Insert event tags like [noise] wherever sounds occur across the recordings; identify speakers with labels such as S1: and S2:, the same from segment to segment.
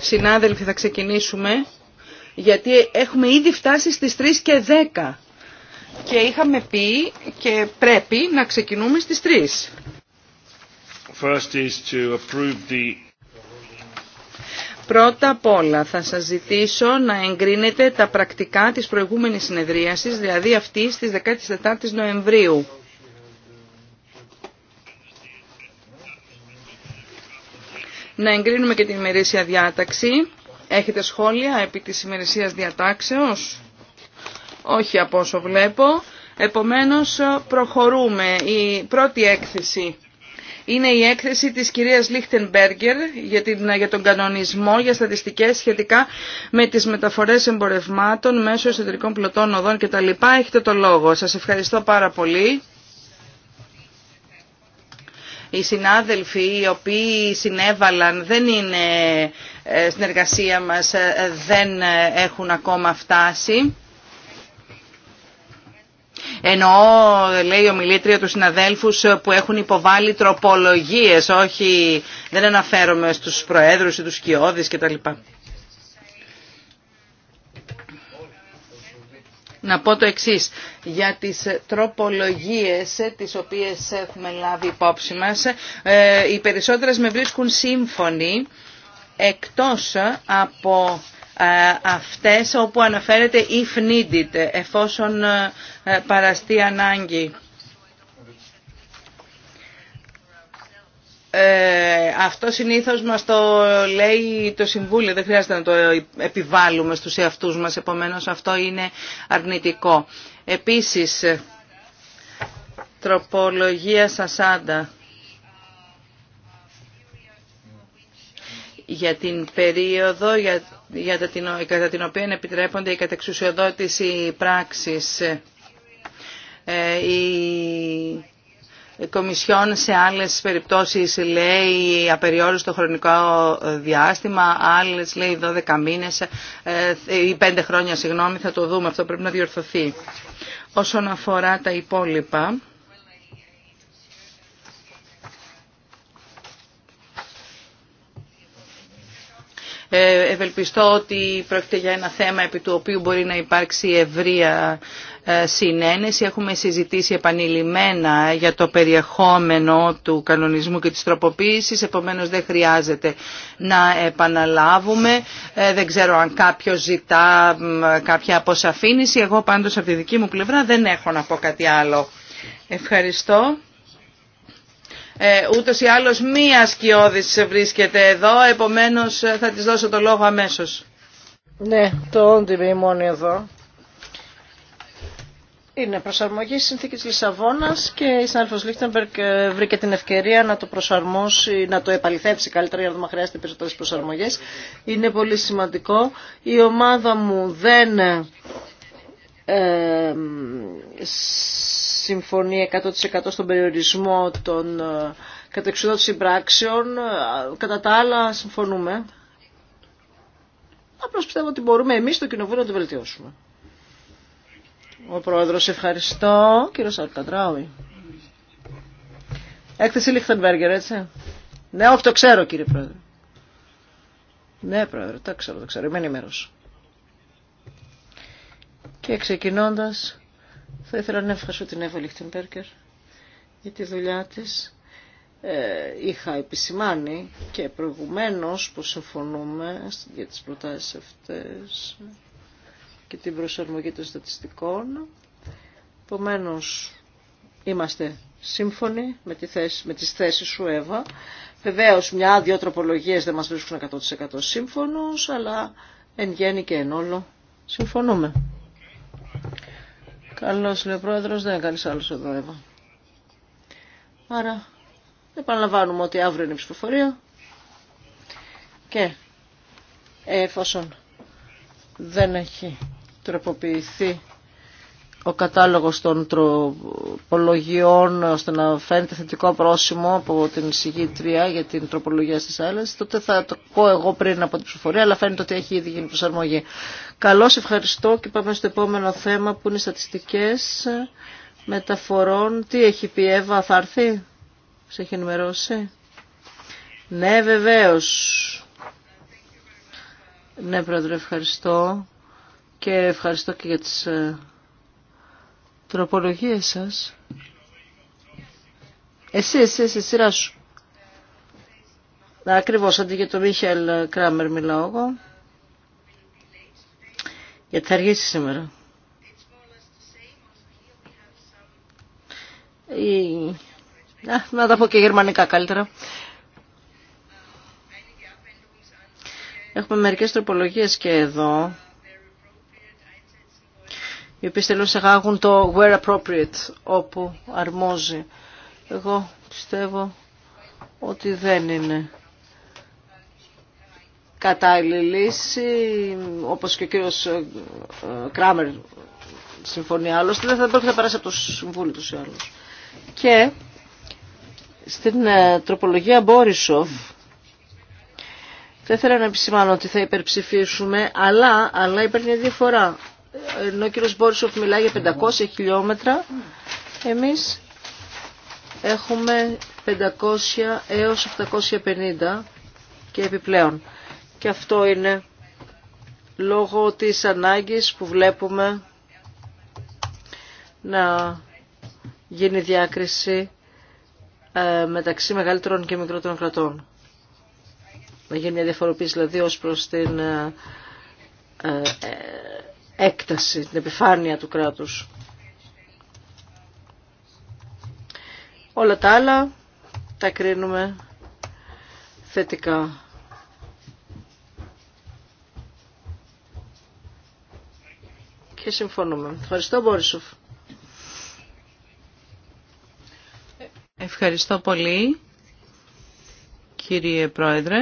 S1: Συνάδελφοι,
S2: θα ξεκινήσουμε, γιατί έχουμε ήδη φτάσει στις 3 και 10 και είχαμε πει και πρέπει να ξεκινούμε στις 3. Πρώτα απ' όλα θα σας ζητήσω να εγκρίνετε τα πρακτικά της προηγούμενης συνεδρίασης, δηλαδή αυτή της 14 Νοεμβρίου. να εγκρίνουμε και την ημερήσια διάταξη. Έχετε σχόλια επί της ημερησίας διατάξεως. Όχι από όσο βλέπω. Επομένως προχωρούμε. Η πρώτη έκθεση είναι η έκθεση της κυρίας Λίχτενμπέργκερ για, για τον κανονισμό για στατιστικές σχετικά με τις μεταφορές εμπορευμάτων μέσω εσωτερικών πλωτών οδών κτλ. Έχετε το λόγο. Σας ευχαριστώ πάρα πολύ οι συνάδελφοι οι οποίοι συνέβαλαν δεν είναι ε, στην εργασία μας, ε, δεν ε, έχουν ακόμα φτάσει. Ενώ λέει ομιλήτρια του συναδέλφους που έχουν υποβάλει τροπολογίες, όχι δεν αναφέρομαι στους προέδρους ή τους κοιόδης κτλ. να πω το εξής. Για τις τροπολογίες τις οποίες έχουμε λάβει υπόψη μας, ε, οι περισσότερες με βρίσκουν σύμφωνοι εκτός από ε, αυτές όπου αναφέρεται if needed, εφόσον ε, παραστεί ανάγκη. Ε, αυτό συνήθως μας το λέει το Συμβούλιο, δεν χρειάζεται να το επιβάλλουμε στους εαυτούς μας, επομένως αυτό είναι αρνητικό. Επίσης, τροπολογία Σασάντα για την περίοδο για, για την, κατά την οποία επιτρέπονται η κατεξουσιοδότηση πράξεις Ε, η ε, Κομισιόν σε άλλες περιπτώσεις λέει απεριόριστο χρονικό διάστημα, άλλες λέει 12 μήνες ε, ε, ή 5 χρόνια, συγγνώμη, θα το δούμε, αυτό πρέπει να διορθωθεί. Όσον αφορά τα υπόλοιπα, ευελπιστώ ότι πρόκειται για ένα θέμα επί του οποίου μπορεί να υπάρξει ευρεία ε, συνένεση. Έχουμε συζητήσει επανειλημμένα για το περιεχόμενο του κανονισμού και της τροποποίησης, επομένως δεν χρειάζεται να επαναλάβουμε. Ε, δεν ξέρω αν κάποιο ζητά κάποια αποσαφήνιση. Εγώ πάντως από τη δική μου πλευρά δεν έχω να πω κάτι άλλο. Ευχαριστώ. Ε, ούτως ή άλλως μία σκιώδης βρίσκεται εδώ, επομένως θα της δώσω το λόγο αμέσως.
S3: Ναι, το όντιμη μόνο εδώ είναι προσαρμογή στη συνθήκη της Λισαβόνας και η συνάδελφος Λίχτεμπερκ ε, βρήκε την ευκαιρία να το προσαρμόσει, να το επαληθεύσει καλύτερα για να δούμε χρειάζεται περισσότερες προσαρμογές. Είναι πολύ σημαντικό. Η ομάδα μου δεν ε, συμφωνεί 100% στον περιορισμό των ε, συμπράξεων. Ε, κατά τα άλλα συμφωνούμε. Απλώς πιστεύω ότι μπορούμε εμείς το Κοινοβούλιο να το βελτιώσουμε. Ο Πρόεδρος, ευχαριστώ. Κύριο Αρκαντράουι. Έκθεση Λίχτενμπέργκερ, έτσι. Ναι, αυτό ξέρω κύριε Πρόεδρε. Ναι, Πρόεδρε, το ξέρω, το ξέρω. Είμαι ενημέρος. Και ξεκινώντας, θα ήθελα να ευχαριστώ την Εύα Λίχτενμπέργκερ για τη δουλειά της. Ε, είχα επισημάνει και προηγουμένως που συμφωνούμε για τις προτάσεις αυτές και την προσαρμογή των στατιστικών. Επομένω, είμαστε σύμφωνοι με, τη θέση, με τις θέσεις σου, Εύα. Βεβαίω, μια-δυο τροπολογίε δεν μα βρίσκουν 100% σύμφωνο, αλλά εν γέννη και εν όλο συμφωνούμε. Καλώ είναι ο πρόεδρο, δεν είναι κανεί άλλο εδώ, Εύα. Άρα, επαναλαμβάνουμε ότι αύριο είναι η ψηφοφορία και εφόσον δεν έχει τροποποιηθεί ο κατάλογος των τροπολογιών ώστε να φαίνεται θετικό πρόσημο από την συγγήτρια για την τροπολογία στις άλλες, τότε θα το πω εγώ πριν από την ψηφοφορία, αλλά φαίνεται ότι έχει ήδη γίνει προσαρμογή. Καλώς, ευχαριστώ και πάμε στο επόμενο θέμα που είναι οι στατιστικές μεταφορών. Τι έχει πει Εύα, θα έρθει, σε έχει ενημερώσει. Ναι, βεβαίως. Ναι, πρόεδρε, ευχαριστώ και ευχαριστώ και για τις ε, τροπολογίες σας. Εσύ, εσύ, εσύ, σειρά σου. Ακριβώς, αντί για τον Μίχελ Κράμερ μιλάω εγώ. Γιατί θα αργήσει σήμερα. Ή... να τα πω και γερμανικά καλύτερα. Έχουμε μερικές τροπολογίες και εδώ οι οποίε θέλουν να το where appropriate, όπου αρμόζει. Εγώ πιστεύω ότι δεν είναι κατάλληλη λύση, όπως και ο κύριος ε, ε, Κράμερ συμφωνεί άλλωστε, δεν θα πρέπει να περάσει από το Συμβούλιο τους ή άλλους. Και στην ε, τροπολογία Μπόρισοφ, θα ήθελα να επισημάνω ότι θα υπερψηφίσουμε, αλλά, αλλά υπάρχει μια διαφορά ενώ ο κύριο Μπόρισοφ μιλάει για 500 χιλιόμετρα, εμεί έχουμε 500 έως 850 και επιπλέον. Και αυτό είναι λόγω της ανάγκης που βλέπουμε να γίνει διάκριση ε, μεταξύ μεγαλύτερων και μικρότερων κρατών. Να γίνει μια διαφοροποίηση δηλαδή ως προς την ε, ε, έκταση, την επιφάνεια του κράτους. Όλα τα άλλα τα κρίνουμε θετικά. Και συμφωνούμε. Ευχαριστώ Μπόρισοφ.
S2: Ευχαριστώ πολύ κύριε Πρόεδρε.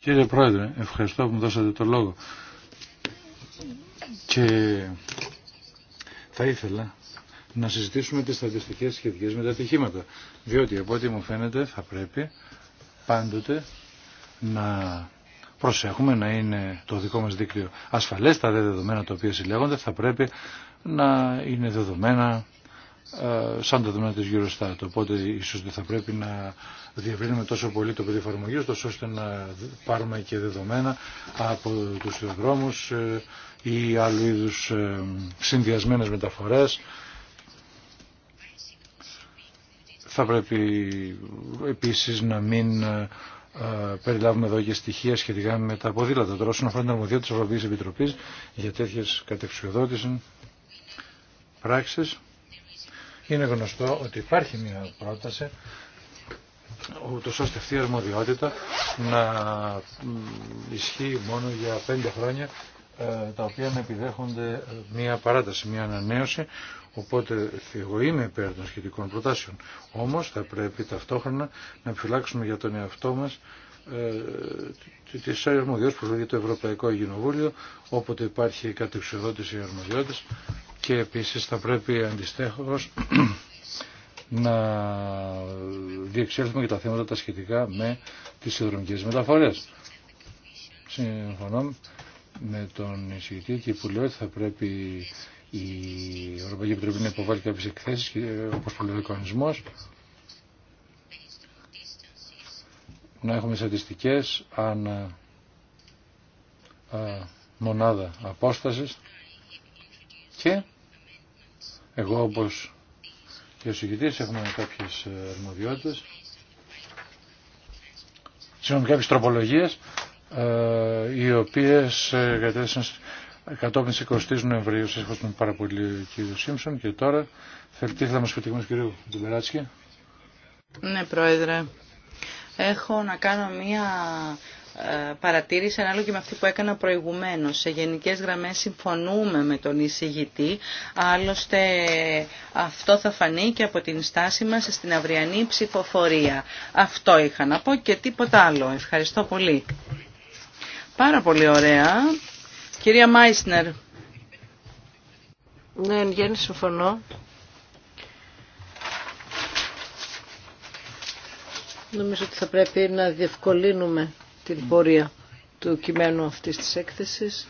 S1: Κύριε Πρόεδρε, ευχαριστώ που μου δώσατε το λόγο. Και θα ήθελα να συζητήσουμε τις στατιστικές σχετικές με τα ατυχήματα. Διότι από ό,τι μου φαίνεται θα πρέπει πάντοτε να προσέχουμε να είναι το δικό μας δίκτυο ασφαλές. Τα δεδομένα τα οποία συλλέγονται θα πρέπει να είναι δεδομένα ε, σαν τα δεδομένα της Eurostat. Οπότε ίσως δεν θα πρέπει να διαβρύνουμε τόσο πολύ το πεδίο εφαρμογή, ώστε να πάρουμε και δεδομένα από τους δρόμους ε, ή άλλου είδους ε, συνδυασμένες μεταφορές. Θα πρέπει επίσης να μην περιλάβουμε εδώ και στοιχεία σχετικά με τα ποδήλατα. Τώρα όσον αφορά την αρμοδιότητα της Ευρωπαϊκής Επιτροπής για τέτοιες κατεξιοδότηση πράξεις είναι γνωστό ότι υπάρχει μια πρόταση ούτω ώστε αυτή η αρμοδιότητα να ισχύει μόνο για πέντε χρόνια ε, τα οποία να επιδέχονται ε, μια παράταση, μια ανανέωση οπότε εγώ είμαι υπέρ των σχετικών προτάσεων όμως θα πρέπει ταυτόχρονα να επιφυλάξουμε για τον εαυτό μας ε, ε της αρμοδιότητας που λέγεται το Ευρωπαϊκό Κοινοβούλιο, όποτε υπάρχει κατεξοδότηση αρμοδιότητας και επίσης θα πρέπει αντιστέχως [clears throat] να διεξέλθουμε και τα θέματα τα σχετικά με τις συνδρομικές μεταφορές. Συμφωνώ με τον εισηγητή και που λέω ότι θα πρέπει η Ευρωπαϊκή Επιτροπή να υποβάλει κάποιες εκθέσεις όπως το λέει ο να έχουμε στατιστικές αν α, ε, ε, μονάδα απόστασης και εγώ όπως και ο συγκητής έχουμε κάποιες ε, αρμοδιότητες συγγνώμη κάποιες τροπολογίες οι οποίες κατέστησαν κατόπιν 20 Νοεμβρίου. Σας ευχαριστούμε πάρα πολύ κύριο Σίμψον και τώρα θέλετε να μας πετύχουμε κύριο κύριος
S2: Ναι, Πρόεδρε έχω να κάνω μία ε, παρατήρηση ανάλογη με αυτή που έκανα προηγουμένως. Σε γενικές γραμμές συμφωνούμε με τον εισηγητή, άλλωστε αυτό θα φανεί και από την στάση μας στην αυριανή ψηφοφορία. Αυτό είχα να πω και τίποτα άλλο. Ευχαριστώ πολύ. Πάρα πολύ ωραία. Κυρία Μάισνερ. Ναι, εν γέννη συμφωνώ
S3: Νομίζω ότι θα πρέπει να διευκολύνουμε την πορεία του κειμένου αυτής της έκθεσης.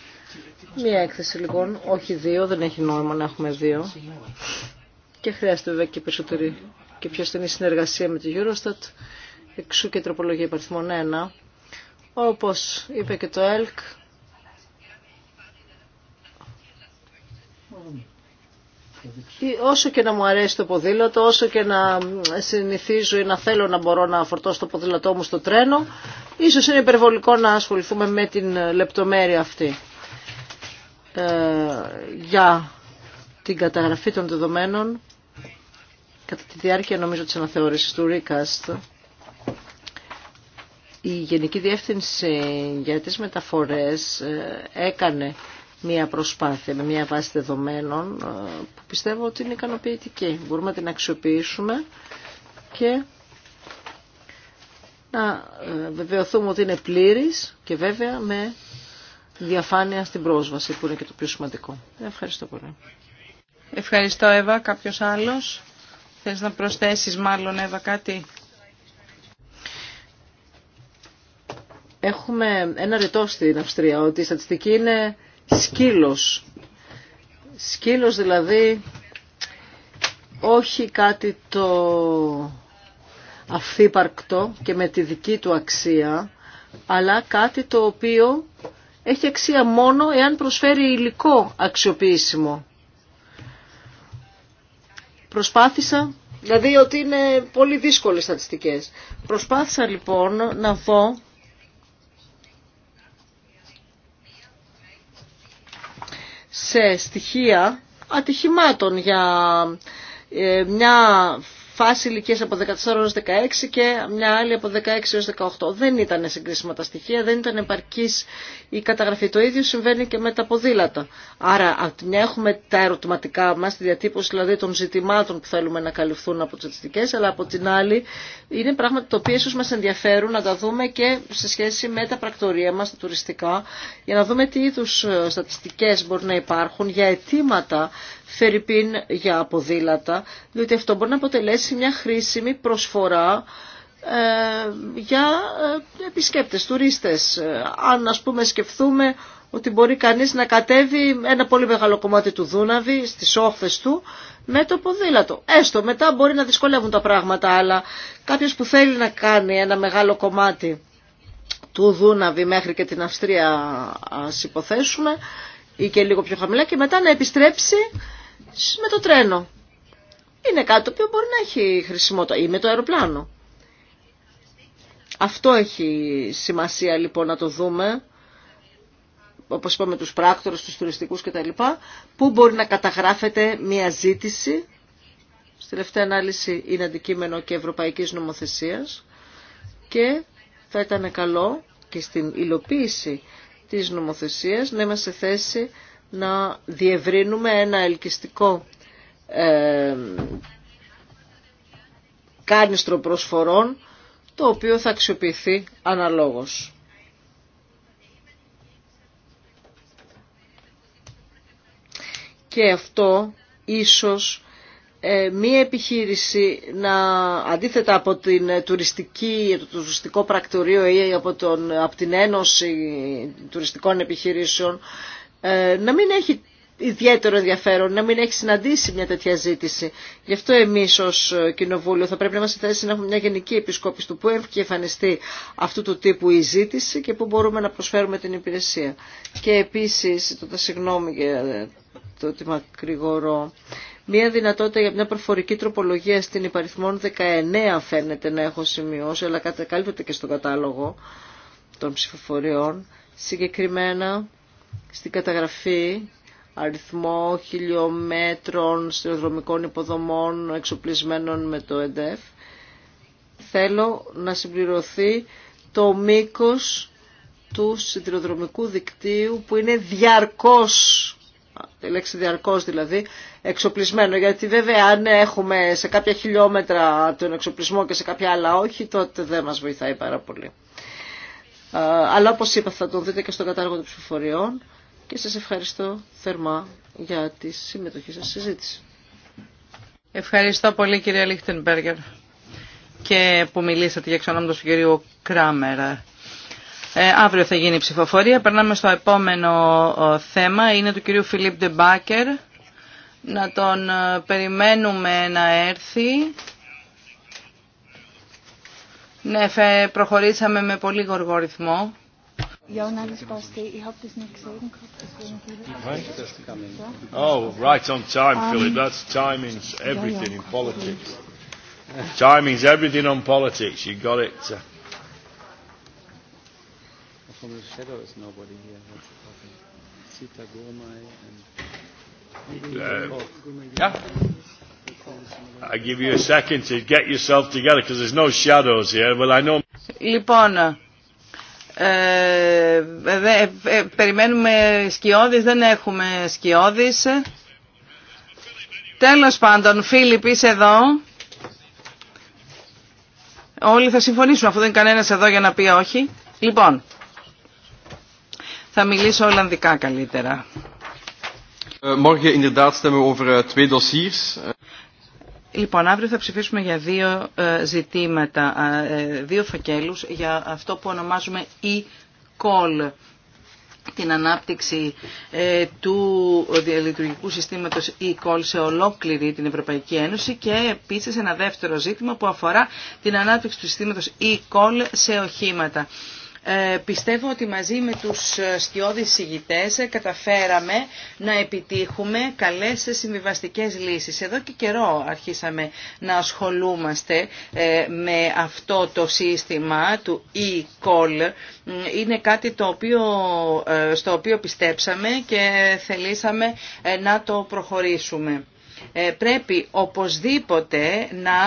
S3: Μία έκθεση λοιπόν, όχι δύο, δεν έχει νόημα να έχουμε δύο. Και χρειάζεται βέβαια και περισσότερη και πιο στενή συνεργασία με τη Eurostat, εξού και τροπολογία υπαριθμών 1. Όπως είπε και το ΕΛΚ, όσο και να μου αρέσει το ποδήλατο, όσο και να συνηθίζω ή να θέλω να μπορώ να φορτώσω το ποδήλατό μου στο τρένο, ίσως είναι υπερβολικό να ασχοληθούμε με την λεπτομέρεια αυτή ε, για την καταγραφή των δεδομένων κατά τη διάρκεια νομίζω της αναθεώρησης του Recast. Η Γενική Διεύθυνση για τις Μεταφορές ε, έκανε μια προσπάθεια με μια βάση δεδομένων ε, που πιστεύω ότι είναι ικανοποιητική. Μπορούμε να την αξιοποιήσουμε και να ε, βεβαιωθούμε ότι είναι πλήρης και βέβαια με διαφάνεια στην πρόσβαση που είναι και το πιο σημαντικό. Ευχαριστώ πολύ.
S2: Ευχαριστώ Εύα. Κάποιος άλλος. Θες να προσθέσεις μάλλον Εύα κάτι.
S3: Έχουμε ένα ρητό στην Αυστρία ότι η στατιστική είναι σκύλος. Σκύλος δηλαδή όχι κάτι το αυθύπαρκτο και με τη δική του αξία, αλλά κάτι το οποίο έχει αξία μόνο εάν προσφέρει υλικό αξιοποιήσιμο. Προσπάθησα, δηλαδή ότι είναι πολύ δύσκολες στατιστικές. Προσπάθησα λοιπόν να δω σε στοιχεία ατυχημάτων για ε, μια φάση ηλικίας από 14 έως 16 και μια άλλη από 16 έως 18. Δεν ήταν συγκρίσιμα τα στοιχεία, δεν ήταν επαρκής η καταγραφή. Το ίδιο συμβαίνει και με τα ποδήλατα. Άρα από τη μια έχουμε τα ερωτηματικά μας, τη διατύπωση δηλαδή των ζητημάτων που θέλουμε να καλυφθούν από τις στατιστικές, αλλά από την άλλη είναι πράγματα τα οποία ίσως μας ενδιαφέρουν να τα δούμε και σε σχέση με τα πρακτορία μας, τα τουριστικά, για να δούμε τι είδους ε, στατιστικές μπορεί να υπάρχουν για αιτήματα φερρυπίν για ποδήλατα, διότι αυτό μπορεί να αποτελέσει μια χρήσιμη προσφορά ε, για ε, επισκέπτες, τουρίστες. Αν ας πούμε σκεφτούμε ότι μπορεί κανείς να κατέβει ένα πολύ μεγάλο κομμάτι του Δούναβη στις όχθες του με το ποδήλατο. Έστω μετά μπορεί να δυσκολεύουν τα πράγματα, αλλά κάποιος που θέλει να κάνει ένα μεγάλο κομμάτι του Δούναβη μέχρι και την Αυστρία ας υποθέσουμε ή και λίγο πιο χαμηλά και μετά να επιστρέψει με το τρένο. Είναι κάτι το οποίο μπορεί να έχει χρησιμότητα ή με το αεροπλάνο. Αυτό έχει σημασία λοιπόν να το δούμε, όπως είπαμε τους πράκτορες, τους τουριστικούς κτλ, που μπορεί να καταγράφεται μια ζήτηση, στη τελευταία ανάλυση είναι αντικείμενο και ευρωπαϊκής νομοθεσίας, και θα ήταν καλό και στην υλοποίηση της νομοθεσίας να είμαστε σε θέση να διευρύνουμε ένα ελκυστικό ε, κάνιστρο προσφορών το οποίο θα αξιοποιηθεί αναλόγως. Και αυτό ίσως ε, μία επιχείρηση να αντίθετα από την τουριστική, το τουριστικό πρακτορείο ή από, τον, από την Ένωση Τουριστικών Επιχειρήσεων ε, να μην έχει ιδιαίτερο ενδιαφέρον, να μην έχει συναντήσει μια τέτοια ζήτηση. Γι' αυτό εμεί ω Κοινοβούλιο θα πρέπει να είμαστε θέση να έχουμε μια γενική επισκόπηση του που έχει εμφανιστεί αυτού του τύπου η ζήτηση και που μπορούμε να προσφέρουμε την υπηρεσία. Και επίση, το συγγνώμη για το ότι μακρηγορώ, Μία δυνατότητα για μια προφορική τροπολογία στην υπαριθμόν 19 φαίνεται να έχω σημειώσει, αλλά κατακάλυπτεται και στον κατάλογο των ψηφοφοριών. Συγκεκριμένα στην καταγραφή αριθμό χιλιόμετρων στεροδρομικών υποδομών εξοπλισμένων με το ΕΝΤΕΦ. Θέλω να συμπληρωθεί το μήκος του σιδηροδρομικού δικτύου που είναι διαρκώς η λέξη διαρκώς δηλαδή, εξοπλισμένο. Γιατί βέβαια αν έχουμε σε κάποια χιλιόμετρα τον εξοπλισμό και σε κάποια άλλα όχι, τότε δεν μας βοηθάει πάρα πολύ. Ε, αλλά όπως είπα θα τον δείτε και στον κατάργο των ψηφοφοριών και σας ευχαριστώ θερμά για τη συμμετοχή σας στη συζήτηση.
S2: Ευχαριστώ πολύ κυρία Λίχτενμπέργκερ και που μιλήσατε για ξανά του κύριο Κράμερ. Ε, αύριο θα γίνει η ψηφοφορία. Περνάμε στο επόμενο θέμα. Είναι του κυρίου Φιλίπ Ντεμπάκερ. Να τον ε, περιμένουμε να έρθει. Ναι, προχωρήσαμε με πολύ γοργό ρυθμό.
S1: Oh, right on time, Philip. That's timing's everything in politics. Timing's everything on politics. You got it. From the shadow is nobody here. Sita Gurmai and... Yeah.
S2: I give you a second to get yourself together because there's no shadows here. Well, I know. Λοιπόν, ε, ε, ε, περιμένουμε σκιώδεις, δεν έχουμε σκιώδεις. Τέλος πάντων, Φίλιπ, είσαι εδώ. Όλοι θα συμφωνήσουν, αφού δεν είναι κανένας εδώ για να πει όχι. Λοιπόν, θα μιλήσω Ολλανδικά καλύτερα.
S1: Ε, morgen inderdaad stemmen we over eh, twee
S2: dossiers. Λοιπόν, αύριο θα ψηφίσουμε για δύο ε, ζητήματα, ε, δύο φακέλους για αυτό που ονομάζουμε e-call την ανάπτυξη ε, του διαλειτουργικού συστήματος e-call σε ολόκληρη την Ευρωπαϊκή Ένωση και επίσης ένα δεύτερο ζήτημα που αφορά την ανάπτυξη του συστήματος e-call σε οχήματα. Ε, πιστεύω ότι μαζί με τους σκιώδεις συγητές καταφέραμε να επιτύχουμε καλές συμβιβαστικές λύσεις. Εδώ και καιρό αρχίσαμε να ασχολούμαστε ε, με αυτό το σύστημα του e-call. Είναι κάτι το ε, στο οποίο πιστέψαμε και θελήσαμε να το προχωρήσουμε. Ε, πρέπει οπωσδήποτε να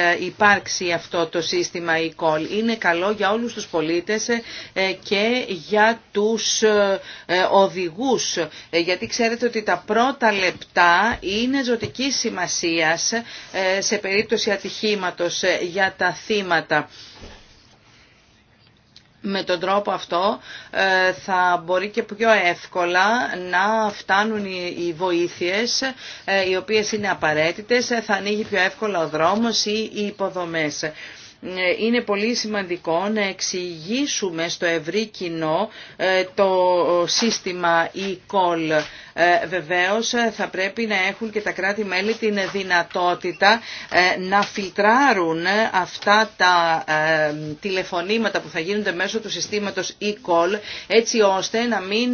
S2: ε, υπάρξει αυτό το σύστημα e-call. Είναι καλό για όλους τους πολίτες ε, και για τους οδηγούς, γιατί ξέρετε ότι τα πρώτα λεπτά είναι ζωτική σημασίας σε περίπτωση ατυχήματος για τα θύματα με τον τρόπο αυτό ε, θα μπορεί και πιο εύκολα να φτάνουν οι βοήθειες ε, οι οποίες είναι απαραίτητες, θα ανοίγει πιο εύκολα ο δρόμος ή οι υποδομές είναι πολύ σημαντικό να εξηγήσουμε στο ευρύ κοινό ε, το σύστημα e-call. Ε, βεβαίως ε, θα πρέπει να έχουν και τα κράτη-μέλη την δυνατότητα να φιλτράρουν αυτά τα τηλεφωνήματα που θα γίνονται μέσω του συστήματος e-call έτσι ώστε να μην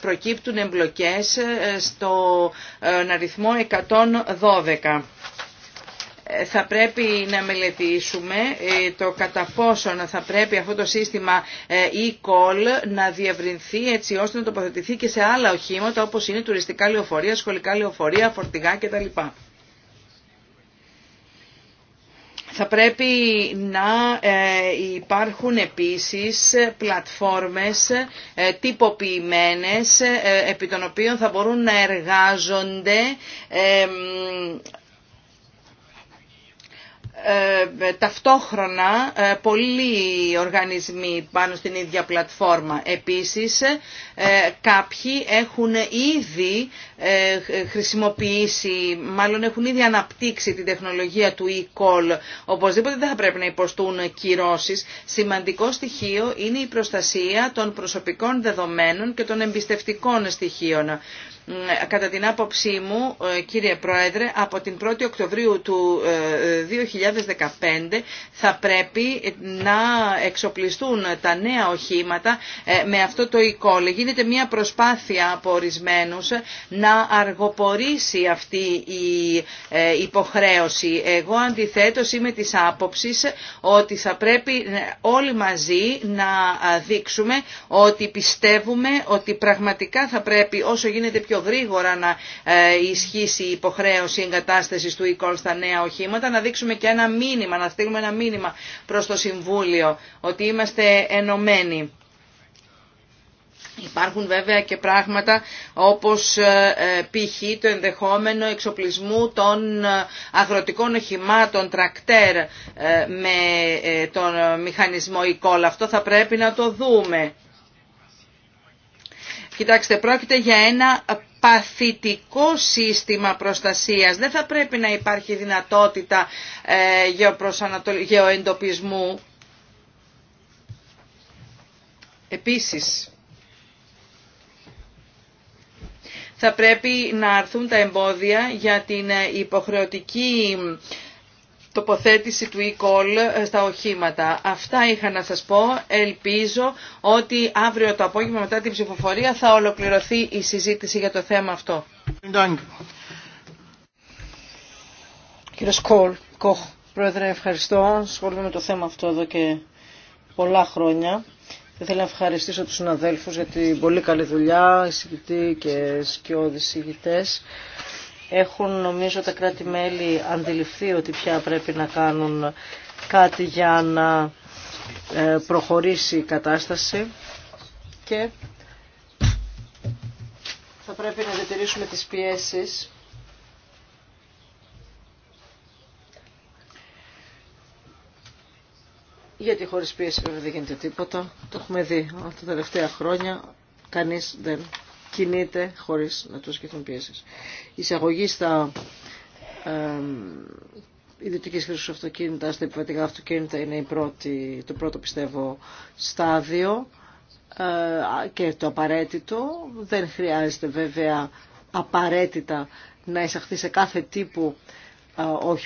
S2: προκύπτουν εμπλοκές στον αριθμό 112 θα πρέπει να μελετήσουμε ε, το κατά πόσο θα πρέπει αυτό το σύστημα ε, e-call να διευρυνθεί έτσι ώστε να τοποθετηθεί και σε άλλα οχήματα όπως είναι τουριστικά λεωφορεία, σχολικά λεωφορεία, φορτηγά κτλ. Θα πρέπει να ε, υπάρχουν επίσης πλατφόρμες τυποποιημένες επί των οποίων θα μπορούν να εργάζονται ε, ταυτόχρονα ε, πολλοί οργανισμοί πάνω στην ίδια πλατφόρμα. Επίσης ε, ε, κάποιοι έχουν ήδη ε, χρησιμοποιήσει, μάλλον έχουν ήδη αναπτύξει την τεχνολογία του e-call. Οπωσδήποτε δεν θα πρέπει να υποστούν κυρώσεις. Σημαντικό στοιχείο είναι η προστασία των προσωπικών δεδομένων και των εμπιστευτικών στοιχείων. Ε, κατά την άποψή μου, κύριε Πρόεδρε, από την 1η Οκτωβρίου του 2015 θα πρέπει να εξοπλιστούν τα νέα οχήματα με αυτό το e-call γίνεται μια προσπάθεια από ορισμένου να αργοπορήσει αυτή η ε, υποχρέωση. Εγώ αντιθέτω, είμαι τη άποψη ότι θα πρέπει ε, όλοι μαζί να ε, δείξουμε ότι πιστεύουμε ότι πραγματικά θα πρέπει όσο γίνεται πιο γρήγορα να ισχύσει η υποχρέωση εγκατάστασης του e-call στα νέα οχήματα, να δείξουμε και ένα μήνυμα, να στείλουμε ένα μήνυμα προ το Συμβούλιο ότι είμαστε ενωμένοι. Υπάρχουν βέβαια και πράγματα όπως ε, ε, π.χ. το ενδεχόμενο εξοπλισμού των ε, αγροτικών οχημάτων, τρακτέρ με τον μηχανισμό e Αυτό θα πρέπει να το δούμε. Κοιτάξτε, πρόκειται για ένα παθητικό σύστημα προστασίας. Δεν θα πρέπει να υπάρχει δυνατότητα γεωεντοπισμού. Επίσης, θα πρέπει να αρθούν τα εμπόδια για την ε, υποχρεωτική τοποθέτηση του e-call ε, στα οχήματα. Αυτά είχα να σας πω. Ελπίζω ότι αύριο το απόγευμα μετά την ψηφοφορία θα ολοκληρωθεί η συζήτηση για το θέμα αυτό. Κύριε Σκόλ, Κοχ, Πρόεδρε, ευχαριστώ. Σχολούμαι με το θέμα αυτό εδώ
S3: και πολλά χρόνια ήθελα να ευχαριστήσω τους συναδέλφους για την πολύ καλή δουλειά, εισηγητή και σκιώδη εισηγητές. Έχουν νομίζω τα κράτη-μέλη αντιληφθεί ότι πια πρέπει να κάνουν κάτι για να ε, προχωρήσει η κατάσταση και θα πρέπει να διατηρήσουμε τις πιέσεις γιατί χωρίς πίεση βέβαια δεν γίνεται τίποτα. Το έχουμε δει αυτά τα τελευταία χρόνια. Κανείς δεν κινείται χωρίς να του ασκηθούν πίεσεις. Η εισαγωγή στα ε, ιδιωτική χρήση αυτοκίνητα, στα επιβατικά αυτοκίνητα είναι η πρώτη, το πρώτο πιστεύω στάδιο ε, και το απαραίτητο. Δεν χρειάζεται βέβαια απαραίτητα να εισαχθεί σε κάθε τύπου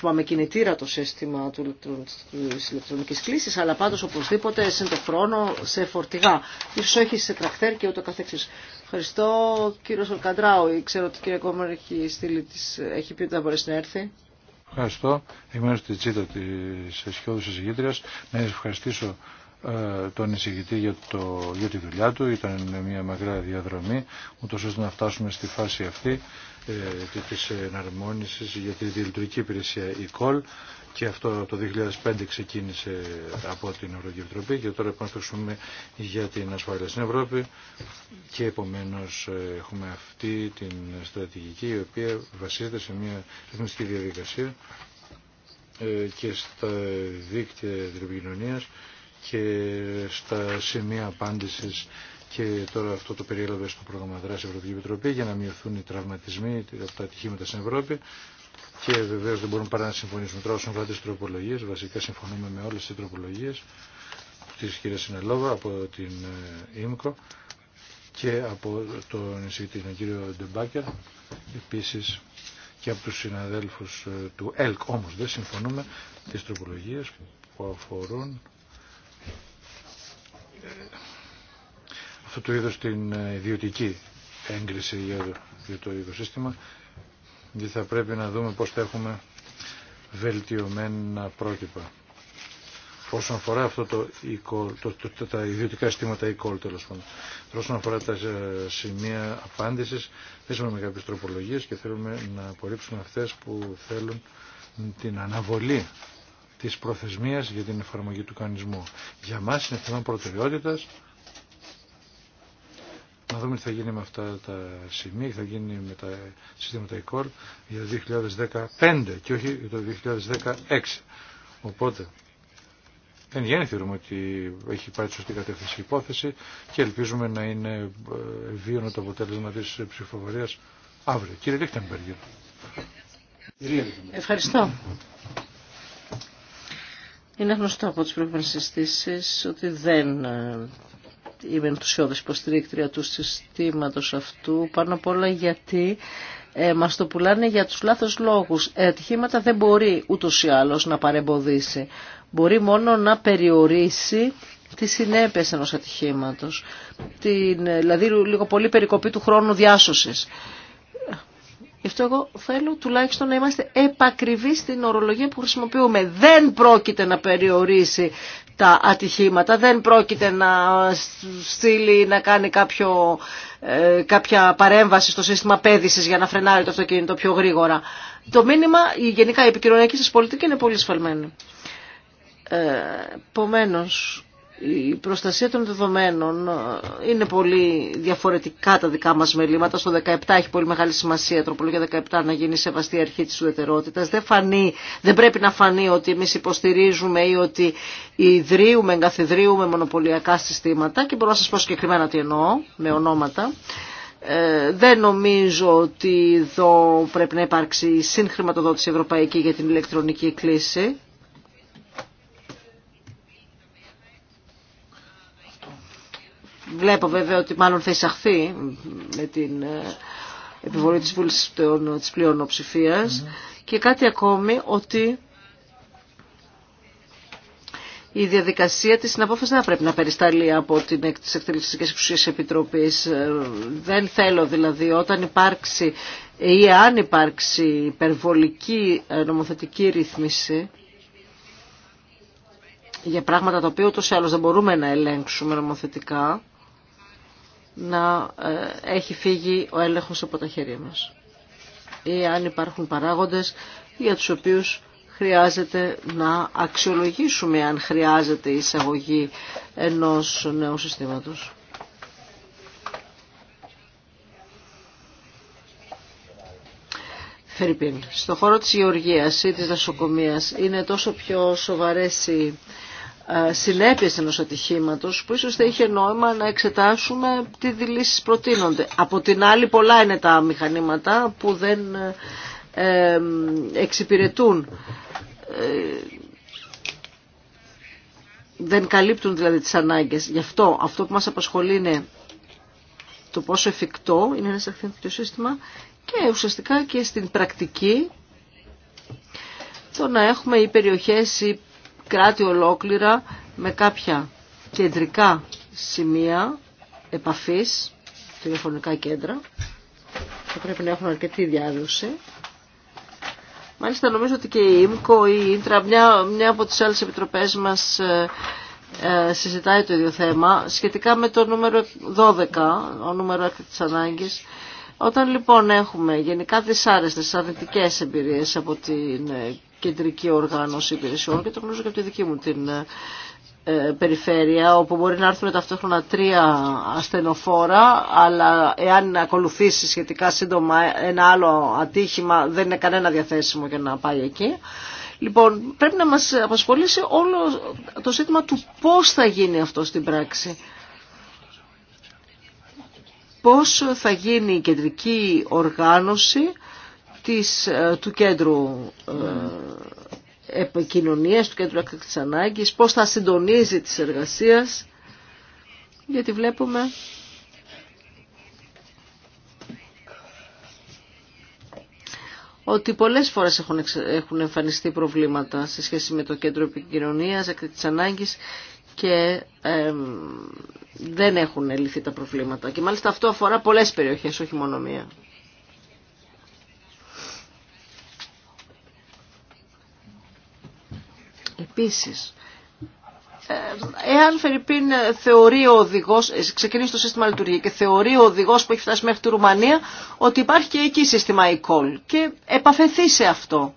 S3: μα με κινητήρα το σύστημα του της ηλεκτρονικής αλλά πάντως οπωσδήποτε σε το χρόνο σε φορτηγά. Ίσως όχι σε τρακτέρ και ούτω καθεξής. Ευχαριστώ κύριο Σολκαντράου. Ε, ξέρω ότι κύριε Κόμερ έχει, στείλει, έχει πει ότι θα μπορέσει να έρθει.
S1: Ευχαριστώ. Εγγνώμη στη Τσίτα της Εσχιώδους Εισηγήτριας να ευχαριστήσω ε, τον εισηγητή για, το, για τη δουλειά του. Ήταν μια μακρά διαδρομή, ούτως ώστε να φτάσουμε στη φάση αυτή ε, της εναρμόνισης για τη διευθυντικη υπηρεσια υπηρεσία e-call και αυτό το 2005 ξεκίνησε από την Ευρωπαϊκή Επιτροπή και τώρα επαναστοξούμε για την ασφάλεια στην Ευρώπη και επομένως ε, έχουμε αυτή την στρατηγική η οποία βασίζεται σε μια ρυθμιστική διαδικασία ε, και στα δίκτυα επικοινωνίας και στα σημεία απάντησης και τώρα αυτό το περιέλαβε στο πρόγραμμα δράση Ευρωπαϊκή Επιτροπή για να μειωθούν οι τραυματισμοί από τα ατυχήματα στην Ευρώπη. Και βεβαίω δεν μπορούμε παρά να συμφωνήσουμε τώρα όσον αφορά τι τροπολογίε. Βασικά συμφωνούμε με όλε τι τροπολογίε τη κυρία Συνελόβα από την ε, ΙΜΚΟ και από τον εισηγητή, τον κύριο Ντεμπάκερ. Επίση και από του συναδέλφου ε, του ΕΛΚ. Όμω δεν συμφωνούμε τι τροπολογίε που αφορούν ε, αυτού του είδους την ε, ιδιωτική έγκριση για το, για σύστημα γιατί θα πρέπει να δούμε πώς θα έχουμε βελτιωμένα πρότυπα. Όσον αφορά αυτό το, το, τα ιδιωτικα συστήματα στήματα e-call τέλος πάντων. Όσον αφορά τα ε, σημεία απάντησης, θέσαμε με κάποιες τροπολογίες και θέλουμε να απορρίψουμε αυτές που θέλουν την αναβολή της προθεσμίας για την εφαρμογή του κανονισμού. Για μας είναι θέμα προτεραιότητας να δούμε τι θα γίνει με αυτά τα σημεία, τι θα γίνει με τα συστήματα ECOL για το 2015 και όχι για το 2016. Οπότε, εν γέννη θεωρούμε ότι έχει πάρει τη σωστή κατεύθυνση η υπόθεση και ελπίζουμε να είναι ε, βίωνο το αποτέλεσμα της ψηφοφορίας αύριο. Κύριε Λίχτενμπεργκερ.
S3: Ευχαριστώ. Είναι γνωστό από τις προηγούμενες συστήσεις ότι δεν ε, είμαι ενθουσιώδης υποστήρικτρια του συστήματος αυτού, πάνω απ' όλα γιατί ε, μας το πουλάνε για τους λάθος λόγους. Ε, ατυχήματα δεν μπορεί ούτως ή άλλως να παρεμποδίσει. Μπορεί μόνο να περιορίσει τι συνέπειε ενό ατυχήματο, ε, δηλαδή λίγο πολύ περικοπή του χρόνου διάσωσης. Γι' αυτό εγώ θέλω τουλάχιστον να είμαστε επακριβείς στην ορολογία που χρησιμοποιούμε. Δεν πρόκειται να περιορίσει τα ατυχήματα. Δεν πρόκειται να στείλει να κάνει κάποιο, ε, κάποια παρέμβαση στο σύστημα πέδησης για να φρενάρει το αυτοκίνητο πιο γρήγορα. Το μήνυμα, η γενικά η επικοινωνιακή σας πολιτική είναι πολύ σφαλμένη. Ε, επομένως, η προστασία των δεδομένων είναι πολύ διαφορετικά τα δικά μας μελήματα. Στο 17 έχει πολύ μεγάλη σημασία τροπολογία 17 να γίνει σεβαστή αρχή της ουδετερότητας. Δεν, φανεί, δεν πρέπει να φανεί ότι εμείς υποστηρίζουμε ή ότι ιδρύουμε, εγκαθιδρύουμε μονοπωλιακά συστήματα και μπορώ να σας πω συγκεκριμένα τι εννοώ με ονόματα. Ε, δεν νομίζω ότι εδώ πρέπει να υπάρξει συγχρηματοδότηση ευρωπαϊκή για την ηλεκτρονική κλίση Βλέπω βέβαια ότι μάλλον θα εισαχθεί με την ε, επιβολή της Βούλης της πλειονοψηφίας. Mm-hmm. Και κάτι ακόμη ότι η διαδικασία της συναπόφασης δεν πρέπει να περισταλεί από την εκτελεστική εξουσίες της Επιτροπής. Ε, δεν θέλω δηλαδή όταν υπάρξει ή αν υπάρξει υπερβολική ε, νομοθετική ρύθμιση για πράγματα τα οποία ούτως ή άλλως δεν μπορούμε να ελέγξουμε νομοθετικά, να ε, έχει φύγει ο έλεγχος από τα χέρια μας ή αν υπάρχουν παράγοντες για τους οποίους χρειάζεται να αξιολογήσουμε αν χρειάζεται η εισαγωγή ενός νέου συστήματος. Φερρυπίν, στον χώρο της γεωργίας ή της δασοκομείας είναι τόσο πιο σοβαρές οι ε, συνέπειες ενός ατυχήματος που ίσως θα είχε νόημα να εξετάσουμε τι δηλήσεις προτείνονται. Από την άλλη πολλά είναι τα μηχανήματα που δεν ε, ε, εξυπηρετούν, δεν καλύπτουν δηλαδή τις ανάγκες. Γι' αυτό αυτό που μας απασχολεί είναι το πόσο εφικτό είναι ένα εισαχθεί σύστημα και ουσιαστικά και στην πρακτική το να έχουμε οι περιοχές, κράτη ολόκληρα με κάποια κεντρικά σημεία επαφής, τηλεφωνικά κέντρα. Θα πρέπει να έχουν αρκετή διάδοση. Μάλιστα νομίζω ότι και η ΙΜΚΟ ή η ΙΝΤΡΑ, μια, μια από τις άλλες επιτροπές μας ε, ε, συζητάει το ίδιο θέμα σχετικά με το νούμερο 12, ο νούμερο της ανάγκης όταν λοιπόν έχουμε γενικά δυσάρεστες αρνητικές εμπειρίες από την ε, κεντρική οργάνωση υπηρεσιών και το γνωρίζω και από τη δική μου την ε, ε, περιφέρεια όπου μπορεί να έρθουν ταυτόχρονα τρία ασθενοφόρα αλλά εάν ακολουθήσει σχετικά σύντομα ένα άλλο ατύχημα δεν είναι κανένα διαθέσιμο για να πάει εκεί. Λοιπόν πρέπει να μας απασχολήσει όλο το ζήτημα του πώς θα γίνει αυτό στην πράξη πώς θα γίνει η κεντρική οργάνωση της, ε, του κέντρου ε, επικοινωνίας, του κέντρου έκτακτης ανάγκης, πώς θα συντονίζει τις εργασίες, γιατί βλέπουμε ότι πολλές φορές έχουν, έχουν εμφανιστεί προβλήματα σε σχέση με το κέντρο επικοινωνίας, έκτακτης ανάγκης και δεν έχουν λυθεί τα προβλήματα. Και μάλιστα αυτό αφορά πολλές περιοχές, όχι μόνο μία. Επίσης, ε, εάν Φερρυπίν θεωρεί ο οδηγός, ε, ξεκινήσει το σύστημα λειτουργία και θεωρεί ο οδηγός που έχει φτάσει μέχρι τη Ρουμανία ότι υπάρχει και εκεί σύστημα e-call και επαφεθεί σε αυτό.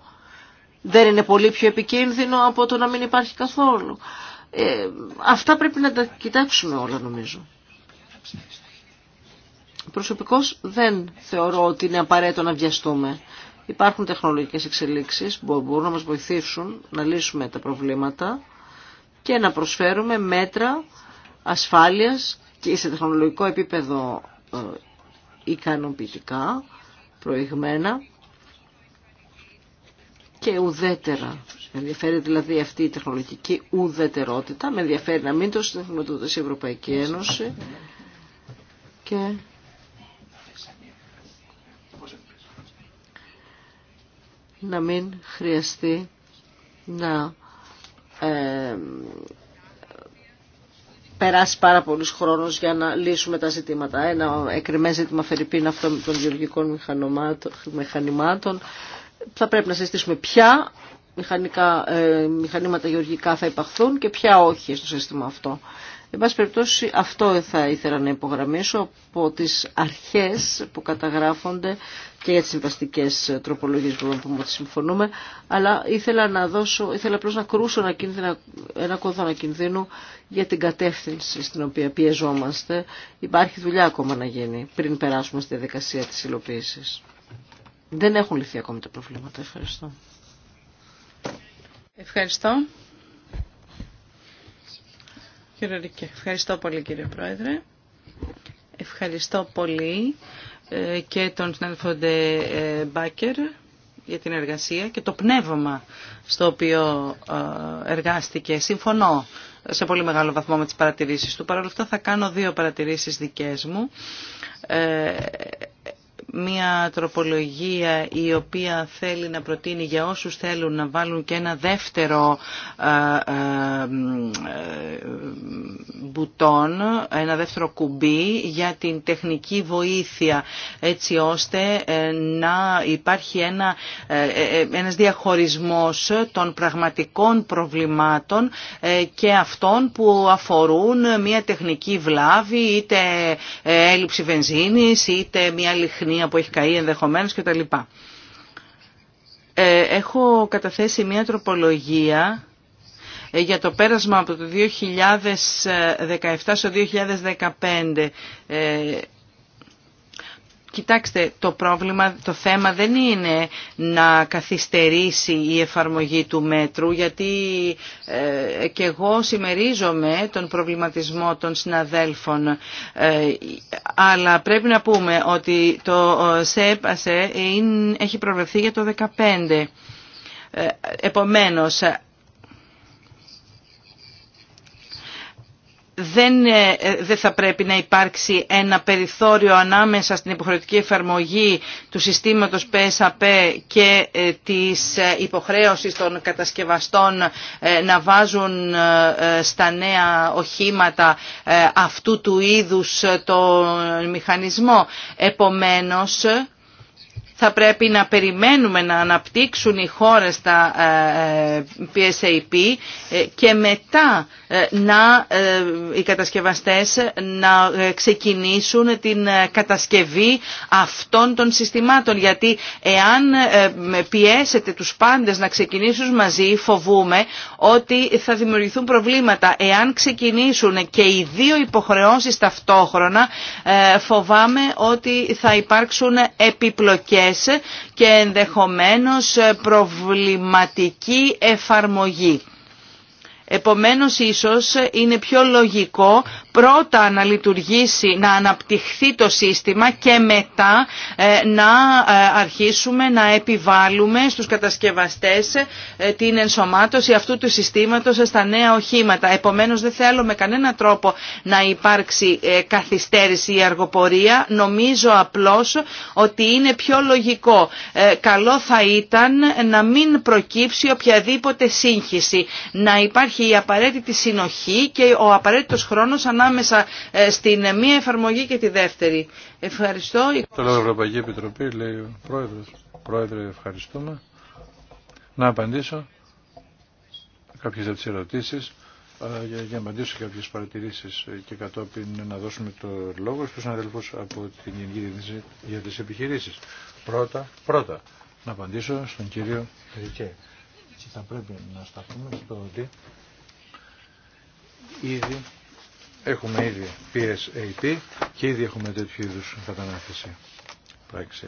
S3: Δεν είναι πολύ πιο επικίνδυνο από το να μην υπάρχει καθόλου. Ε, αυτά πρέπει να τα κοιτάξουμε όλα νομίζω. Προσωπικώς δεν θεωρώ ότι είναι απαραίτητο να βιαστούμε. Υπάρχουν τεχνολογικές εξελίξεις που μπορούν να μας βοηθήσουν να λύσουμε τα προβλήματα και να προσφέρουμε μέτρα ασφάλειας και σε τεχνολογικό επίπεδο ε, ικανοποιητικά, προηγμένα και ουδέτερα. Με ενδιαφέρει δηλαδή αυτή η τεχνολογική ουδετερότητα. Με ενδιαφέρει να μην το συνεχιματοδοτήσει η Ευρωπαϊκή Ένωση. Και... να μην χρειαστεί να ε, περάσει πάρα πολλούς χρόνους για να λύσουμε τα ζητήματα. Ένα εκκρεμέ ζήτημα φερειπίν αυτό των γεωργικών μηχανημάτων θα πρέπει να συζητήσουμε ποια μηχανικά, ε, μηχανήματα γεωργικά θα υπαχθούν και ποια όχι στο σύστημα αυτό. Εν πάση περιπτώσει αυτό θα ήθελα να υπογραμμίσω από τις αρχές που καταγράφονται και για τις συμβαστικές τροπολογίες που ότι συμφωνούμε, αλλά ήθελα να δώσω, ήθελα απλώς να κρούσω ένα, κίνδυνα, ένα κόδωνα κινδύνου για την κατεύθυνση στην οποία πιεζόμαστε. Υπάρχει δουλειά ακόμα να γίνει πριν περάσουμε στη διαδικασία της υλοποίησης. Δεν έχουν λυθεί ακόμη τα προβλήματα. Ευχαριστώ.
S2: Ευχαριστώ. Κύριε ευχαριστώ πολύ κύριε Πρόεδρε. Ευχαριστώ πολύ ε, και τον συνάδελφο ε, Μπάκερ για την εργασία και το πνεύμα στο οποίο ε, εργάστηκε. Συμφωνώ σε πολύ μεγάλο βαθμό με τις παρατηρήσεις του. Παρ' όλα αυτά θα κάνω δύο παρατηρήσεις δικές μου μια τροπολογία η οποία θέλει να προτείνει για όσους θέλουν να βάλουν και ένα δεύτερο ε, ε, ε, μπουτόν, ένα δεύτερο κουμπί για την τεχνική βοήθεια έτσι ώστε να υπάρχει ένα, ένας διαχωρισμός των πραγματικών προβλημάτων και αυτών που αφορούν μια τεχνική βλάβη είτε έλλειψη βενζίνης είτε μια λιχνή που έχει καεί ενδεχομένως κτλ. Ε, έχω καταθέσει μια τροπολογία ε, για το πέρασμα από το 2017 στο 2015 Κοιτάξτε, το πρόβλημα, το θέμα δεν είναι να καθυστερήσει η εφαρμογή του μέτρου, γιατί ε, και εγώ συμμερίζομαι τον προβληματισμό των συναδέλφων, ε, αλλά πρέπει να πούμε ότι το ΣΕΠΑΣΕ ε, έχει προβλεφθεί για το 2015. Επομένως, δεν, ε, δεν θα πρέπει να υπάρξει ένα περιθώριο ανάμεσα στην υποχρεωτική εφαρμογή του συστήματος PSAP και ε, της ε, υποχρέωσης των κατασκευαστών να βάζουν στα νέα οχήματα αυτού του είδους το μηχανισμό. Επομένως, θα πρέπει να περιμένουμε να αναπτύξουν οι χώρες τα PSAP ε, ε, ε, και μετά να, οι κατασκευαστές να ξεκινήσουν την κατασκευή αυτών των συστημάτων. Γιατί εάν πιέσετε τους πάντες να ξεκινήσουν μαζί φοβούμε ότι θα δημιουργηθούν προβλήματα. Εάν ξεκινήσουν και οι δύο υποχρεώσεις ταυτόχρονα φοβάμαι ότι θα υπάρξουν επιπλοκές και ενδεχομένως προβληματική εφαρμογή. Επομένως ίσως είναι πιο λογικό πρώτα να λειτουργήσει, να αναπτυχθεί το σύστημα και μετά ε, να ε, αρχίσουμε να επιβάλλουμε στους κατασκευαστές ε, την ενσωμάτωση αυτού του συστήματος στα νέα οχήματα. Επομένως δεν θέλω με κανένα τρόπο να υπάρξει καθυστέρηση ή αργοπορία. Νομίζω απλώς ότι είναι πιο λογικό. Καλό θα ήταν να μην προκύψει οποιαδήποτε σύγχυση. Να υπάρχει η απαραίτητη συνοχή και ο απαραίτητος χρόνος ανάμεσα ε, στην ε, μία εφαρμογή και τη δεύτερη. Ευχαριστώ. Το λόγο Ευρωπαϊκή
S1: Επιτροπή, λέει ο Πρόεδρος. Πρόεδρε, ευχαριστούμε. Να απαντήσω κάποιες από τις ερωτήσεις ε, για να απαντήσω κάποιες παρατηρήσεις και κατόπιν να δώσουμε το λόγο στους αδελφούς από την Γενική για τις επιχειρήσεις. Πρώτα, πρώτα, να απαντήσω στον κύριο Ρικέ. Θα πρέπει να σταθούμε στο ότι ήδη Έχουμε ήδη PSAP και ήδη έχουμε τέτοιου είδου κατανάθεση. Πράξη.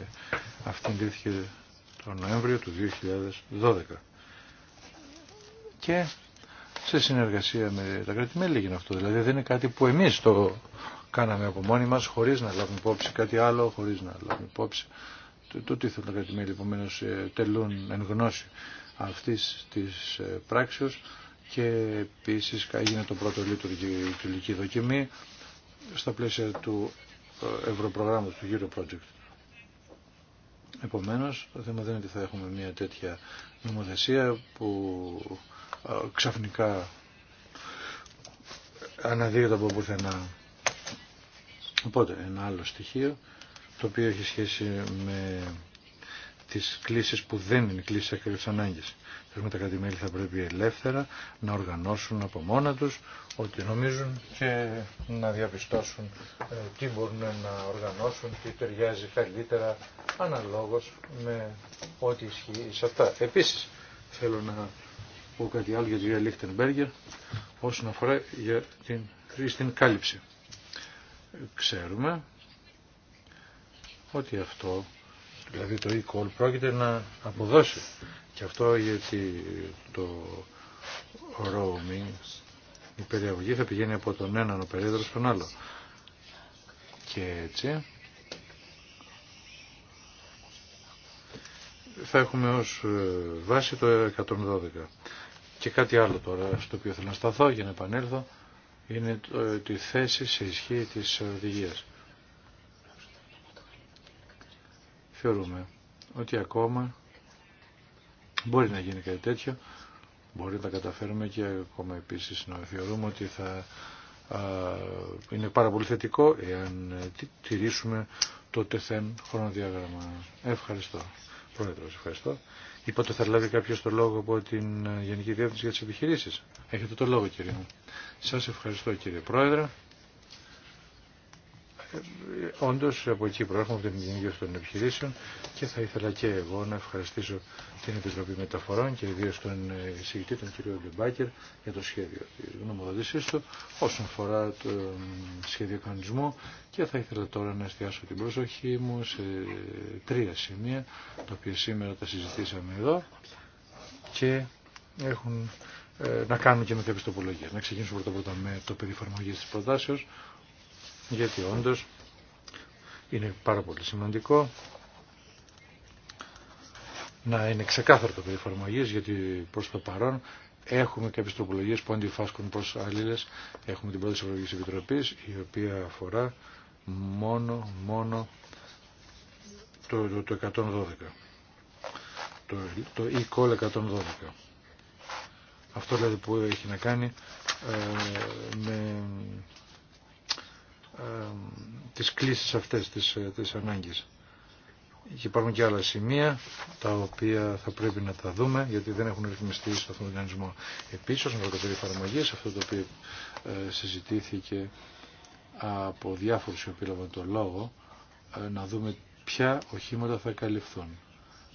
S1: Αυτή εγκρίθηκε το Νοέμβριο του 2012. Και σε συνεργασία με τα κρατημέλη έγινε αυτό. Δηλαδή δεν είναι κάτι που εμείς το κάναμε από μόνοι μας χωρίς να λάβουμε υπόψη κάτι άλλο, χωρίς να λάβουμε υπόψη το, τι θέλουν τα κρατημέλη. Επομένως ε, τελούν εν γνώση αυτής της ε, πράξεως και επίσης έγινε το πρώτο λειτουργική δοκιμή στα πλαίσια του ε, Ευρωπρογράμματος του Euro Project. Επομένως, το θέμα δεν είναι ότι θα έχουμε μια τέτοια νομοθεσία που ε, ξαφνικά αναδύεται από πουθενά. Οπότε, ένα άλλο στοιχείο το οποίο έχει σχέση με τις κλήσεις που δεν είναι κλήσεις ακριβώς ανάγκης. Θέλουμε τα μελη θα πρέπει ελεύθερα να οργανώσουν από μόνα τους ό,τι νομίζουν και να διαπιστώσουν ε, τι μπορούν να οργανώσουν, τι ταιριάζει καλύτερα αναλόγως με ό,τι ισχύει σε αυτά. Επίσης θέλω να πω κάτι άλλο για τη Λίχτεν Λίχτενμπέργκερ όσον αφορά για την, στην κάλυψη. Ξέρουμε ότι αυτό Δηλαδή το e-call πρόκειται να αποδώσει. Και αυτό γιατί το roaming, η περιαγωγή θα πηγαίνει από τον έναν οπερίδρο στον άλλο. Και έτσι θα έχουμε ως ε, βάση το 112. Και κάτι άλλο τώρα στο οποίο θέλω να σταθώ για να επανέλθω είναι ε, τη θέση σε ισχύ της οδηγίας. θεωρούμε ότι ακόμα μπορεί να γίνει κάτι τέτοιο, μπορεί να καταφέρουμε και ακόμα επίσης να θεωρούμε ότι θα είναι πάρα πολύ θετικό εάν ε, τηρήσουμε το τεθέν χρονοδιάγραμμα. Ευχαριστώ. Πρόεδρος, ευχαριστώ. Είπατε θα λάβει κάποιος το λόγο από την ε, Γενική Διεύθυνση για τις Επιχειρήσεις. Έχετε το λόγο κύριε μου. Σας ευχαριστώ κύριε Πρόεδρε όντως από εκεί προέρχομαι από την Γενική των Επιχειρήσεων και θα ήθελα και εγώ να ευχαριστήσω την Επιτροπή Μεταφορών και ιδίω τον ε, εισηγητή, τον κύριο Λιμπάκερ για το σχέδιο τη γνωμοδοτήσή του όσον αφορά το σχέδιο κανονισμό και θα ήθελα τώρα να εστιάσω την προσοχή μου σε τρία σημεία τα οποία σήμερα τα συζητήσαμε εδώ και έχουν ε, να κάνουν και με την επιστοπολογία Να ξεκινήσουμε πρώτα πρώτα με το περιφαρμογή τη προτάσεω γιατί όντως είναι πάρα πολύ σημαντικό να είναι ξεκάθαρο το περιφαρμογή γιατί προς το παρόν έχουμε κάποιες τροπολογίες που αντιφάσκουν προς αλλήλες. Έχουμε την πρώτη Ευρωπαϊκή Επιτροπή η οποία αφορά μόνο, μόνο το, το, 112. Το, το e-call 112. Αυτό δηλαδή που έχει να κάνει ε, με τις κλήσεις αυτές της, ε, της ανάγκης. Και υπάρχουν και άλλα σημεία τα οποία θα πρέπει να τα δούμε γιατί δεν έχουν ρυθμιστεί σε αυτόν τον οργανισμό. Επίσης, το το εφαρμογή, αυτό το οποίο ε, συζητήθηκε από διάφορους οι οποίοι το λόγο, ε, να δούμε ποια οχήματα θα καλυφθούν.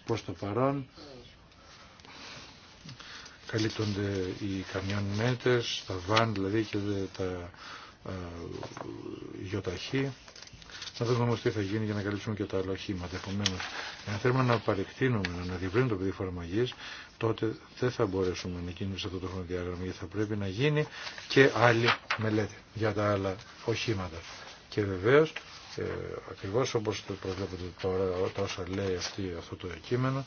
S1: Προς το παρόν καλύπτονται οι μέτες, τα βαν δηλαδή και τα ε, γιοταχή. Να δούμε όμω τι θα γίνει για να καλύψουμε και τα άλλα οχήματα. Επομένω, αν θέλουμε να παρεκτείνουμε, να διευρύνουμε το πεδίο εφαρμογή, τότε δεν θα μπορέσουμε να κινήσουμε αυτό το χρονοδιάγραμμα, γιατί θα πρέπει να γίνει και άλλη μελέτη για τα άλλα οχήματα. Και βεβαίω, ε, ακριβώ όπω το προβλέπετε τώρα, όσα λέει αυτή, αυτό το κείμενο,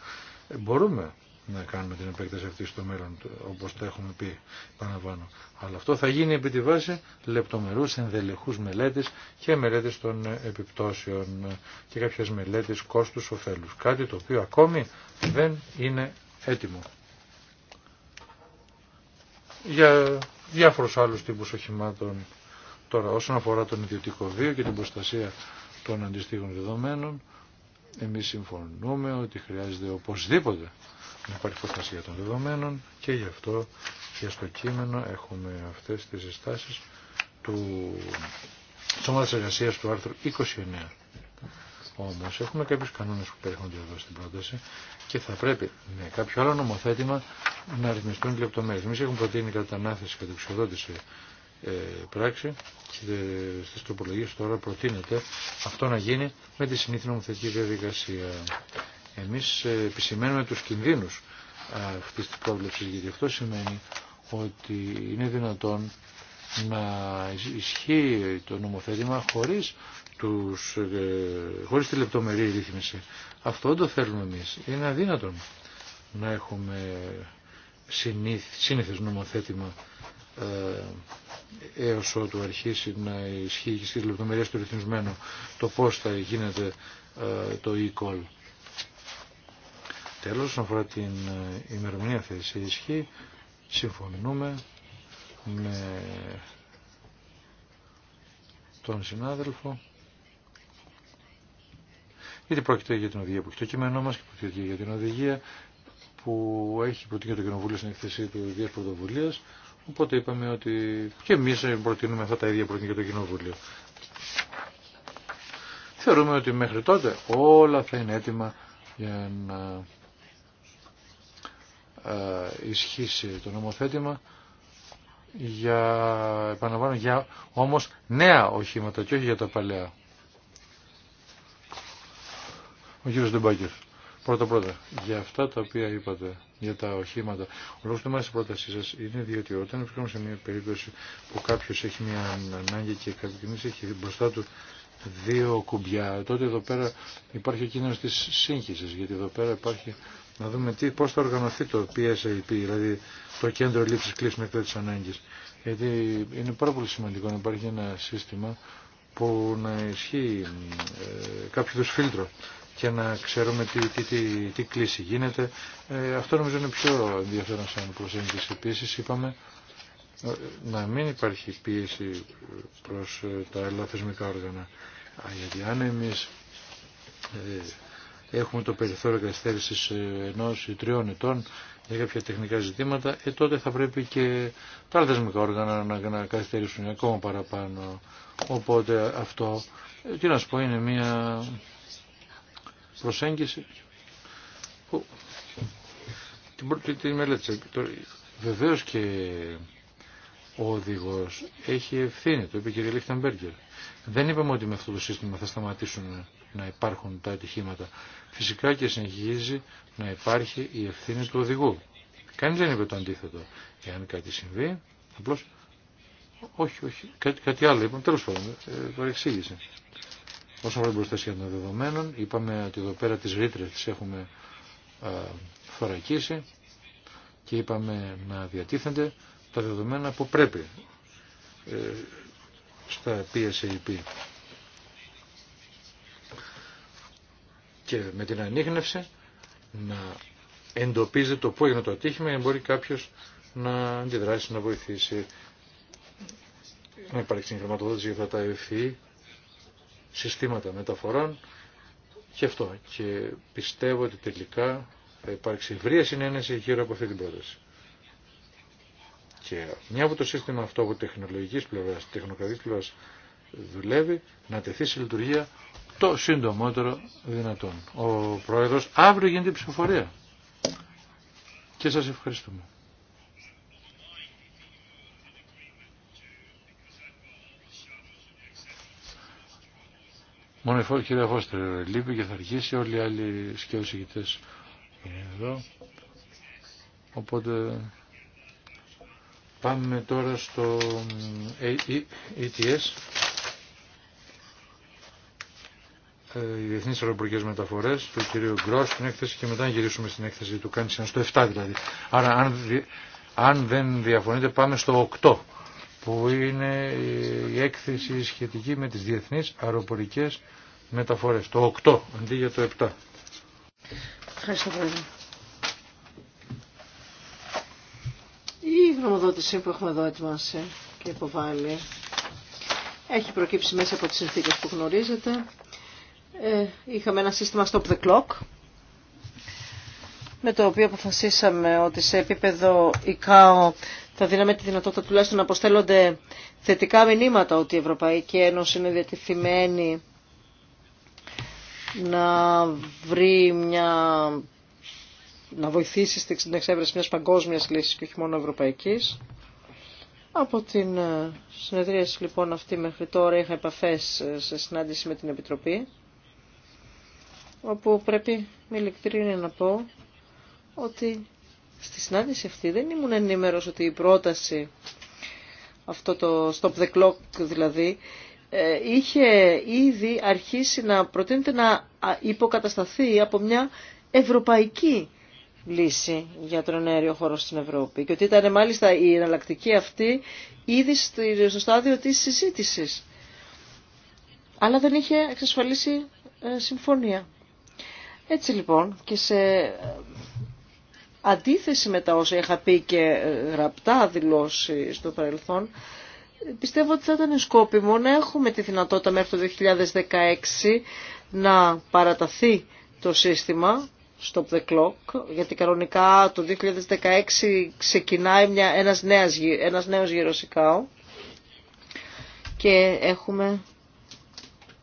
S1: ε, μπορούμε να κάνουμε την επέκταση αυτή στο μέλλον, όπω το έχουμε πει παραπάνω. Αλλά αυτό θα γίνει επί τη βάση λεπτομερούς ενδελεχούς μελέτης και μελέτης των επιπτώσεων και κάποιε μελέτε κόστους κόστους-οφέλους. Κάτι το οποίο ακόμη δεν είναι έτοιμο. Για διάφορους άλλους τύπους οχημάτων τώρα όσον αφορά τον ιδιωτικό βίο και την προστασία των αντιστοίχων δεδομένων Εμεί συμφωνούμε ότι χρειάζεται οπωσδήποτε να υπάρχει προστασία των δεδομένων και γι' αυτό και στο κείμενο έχουμε αυτές τις συστάσεις του Σώματος Εργασίας του άρθρου 29. Όμως έχουμε κάποιους κανόνες που περιέχονται εδώ στην πρόταση και θα πρέπει με κάποιο άλλο νομοθέτημα να ρυθμιστούν οι λεπτομέρειες. Εμείς έχουμε προτείνει κατά ανάθεση και ε, πράξη και ε, στις τροπολογίες τώρα προτείνεται αυτό να γίνει με τη συνήθινη νομοθετική διαδικασία. Εμείς ε, επισημαίνουμε τους κινδύνους ε, αυτής της πρόβλεψης γιατί αυτό σημαίνει ότι είναι δυνατόν να ισχύει το νομοθέτημα χωρίς, τους, ε, χωρίς τη λεπτομερή ρύθμιση. Αυτό το θέλουμε εμείς. Είναι αδύνατον να έχουμε σύνηθες νομοθέτημα ε, έως ότου αρχίσει να ισχύει και στις λεπτομερίες του ρυθμισμένου το πώς θα γίνεται το e-call. Τέλος, όσον αφορά την ε, ημερομηνία θέση ισχύ, συμφωνούμε με τον συνάδελφο γιατί πρόκειται για την οδηγία που έχει το κείμενό μας και πρόκειται για την οδηγία που έχει προτείνει το Κοινοβούλιο στην εκθεσή του Ιδίας Πρωτοβουλίας οπότε είπαμε ότι και εμείς προτείνουμε αυτά τα ίδια προτείνει για το Κοινοβούλιο. Θεωρούμε ότι μέχρι τότε όλα θα είναι έτοιμα για να ε, ισχύσει το νομοθέτημα για, επαναλαμβάνω, για όμως νέα οχήματα και όχι για τα παλαιά. Ο κύριος Ντεμπάκερ. Πρώτα πρώτα, για αυτά τα οποία είπατε, για τα οχήματα. Ο λόγος του μας πρότασή σας είναι διότι όταν βρισκόμαστε σε μια περίπτωση που κάποιος έχει μια ανάγκη και κάποιος έχει μπροστά του δύο κουμπιά, τότε εδώ πέρα υπάρχει ο κίνδυνος της σύγχυσης, γιατί εδώ πέρα υπάρχει να δούμε τι, πώς θα οργανωθεί το PSAP, δηλαδή το κέντρο λήψης με εκπαίδευσης ανάγκης. Γιατί είναι πάρα πολύ σημαντικό να υπάρχει ένα σύστημα που να ισχύει ε, κάποιο φίλτρο και να ξέρουμε τι, τι, τι, κλίση γίνεται. Ε, αυτό νομίζω είναι πιο ενδιαφέρον σαν προσέγγιση. Επίσης είπαμε ε, να μην υπάρχει πίεση προς ε, τα ελαφισμικά όργανα. γιατί αν εμείς έχουμε το περιθώριο καθυστέρηση ε, ενός ή τριών ετών για κάποια τεχνικά ζητήματα, ε, τότε θα πρέπει και τα άλλα θεσμικά όργανα να, να καθυστερήσουν ακόμα παραπάνω. Οπότε αυτό, ε, τι να σου πω, είναι μια προσέγγιση που την, τη μελέτησα. Βεβαίως και ο οδηγός έχει ευθύνη, το είπε και η Δεν είπαμε ότι με αυτό το σύστημα θα σταματήσουν να υπάρχουν τα ατυχήματα. Φυσικά και συνεχίζει να υπάρχει η ευθύνη του οδηγού. Κανεί δεν είπε το αντίθετο. Εάν κάτι συμβεί, απλώ όχι, όχι, κάτι, άλλο είπαμε, τέλος πάντων, παρεξήγησε. Ε, Όσον αφορά την προστασία των δεδομένων, είπαμε ότι εδώ πέρα τις ρήτρε τις έχουμε α, και είπαμε να διατίθενται τα δεδομένα που πρέπει ε, στα PSAP. και με την ανείχνευση να εντοπίζει το πού έγινε το ατύχημα για να μπορεί κάποιο να αντιδράσει, να βοηθήσει. Να υπάρχει συγχρηματοδότηση για αυτά τα ευφυή συστήματα μεταφορών και αυτό. Και πιστεύω ότι τελικά θα υπάρξει ευρία συνένεση γύρω από αυτή την πρόταση. Και μια από το σύστημα αυτό από τεχνολογική πλευρά, τεχνοκρατική πλευρά δουλεύει, να τεθεί σε λειτουργία το συντομότερο δυνατόν. Ο Πρόεδρος αύριο γίνεται η ψηφοφορία. Και σας ευχαριστούμε. Μόνο η κυρία Φώστερ λείπει και θα αρχίσει όλοι οι άλλοι σκέους εδώ. Οπότε πάμε τώρα στο ETS. Ε- ε- ε Ε, οι διεθνεί αεροπορικές μεταφορές του κυρίου Γκρός την έκθεση και μετά γυρίσουμε στην έκθεση του Κάντσιαν στο 7 δηλαδή. Άρα αν, αν δεν διαφωνείτε πάμε στο 8 που είναι η έκθεση σχετική με τις διεθνεί αεροπορικές μεταφορές. Το 8 αντί για το 7.
S3: Ευχαριστώ πολύ. Η γνωμοδότηση που έχουμε εδώ ετοιμάσει και υποβάλει έχει προκύψει μέσα από τις συνθήκες που γνωρίζετε. Ε, είχαμε ένα σύστημα stop the clock με το οποίο αποφασίσαμε ότι σε επίπεδο ΙΚΑΟ θα δίναμε τη δυνατότητα τουλάχιστον να αποστέλλονται θετικά μηνύματα ότι η Ευρωπαϊκή Ένωση είναι διατηρημένη να βρει μια να βοηθήσει στην εξέβρεση μιας παγκόσμιας λύσης και όχι μόνο ευρωπαϊκής. Από την ε, συνεδρίαση λοιπόν αυτή μέχρι τώρα είχα επαφές ε, σε συνάντηση με την Επιτροπή όπου πρέπει με ηλεκτρίνη να πω ότι στη συνάντηση αυτή δεν ήμουν ενήμερος ότι η πρόταση, αυτό το stop the clock δηλαδή, ε, είχε ήδη αρχίσει να προτείνεται να υποκατασταθεί από μια ευρωπαϊκή λύση για τον αέριο χώρο στην Ευρώπη. Και ότι ήταν μάλιστα η εναλλακτική αυτή ήδη στο στάδιο της συζήτησης. Αλλά δεν είχε εξασφαλίσει ε, συμφωνία. Έτσι λοιπόν και σε ε, αντίθεση με τα όσα είχα πει και ε, γραπτά δηλώσει στο παρελθόν, πιστεύω ότι θα ήταν σκόπιμο να έχουμε τη δυνατότητα μέχρι το 2016 να παραταθεί το σύστημα stop the clock, γιατί κανονικά το 2016 ξεκινάει μια, ένας, νέας, ένας νέος γύρος και έχουμε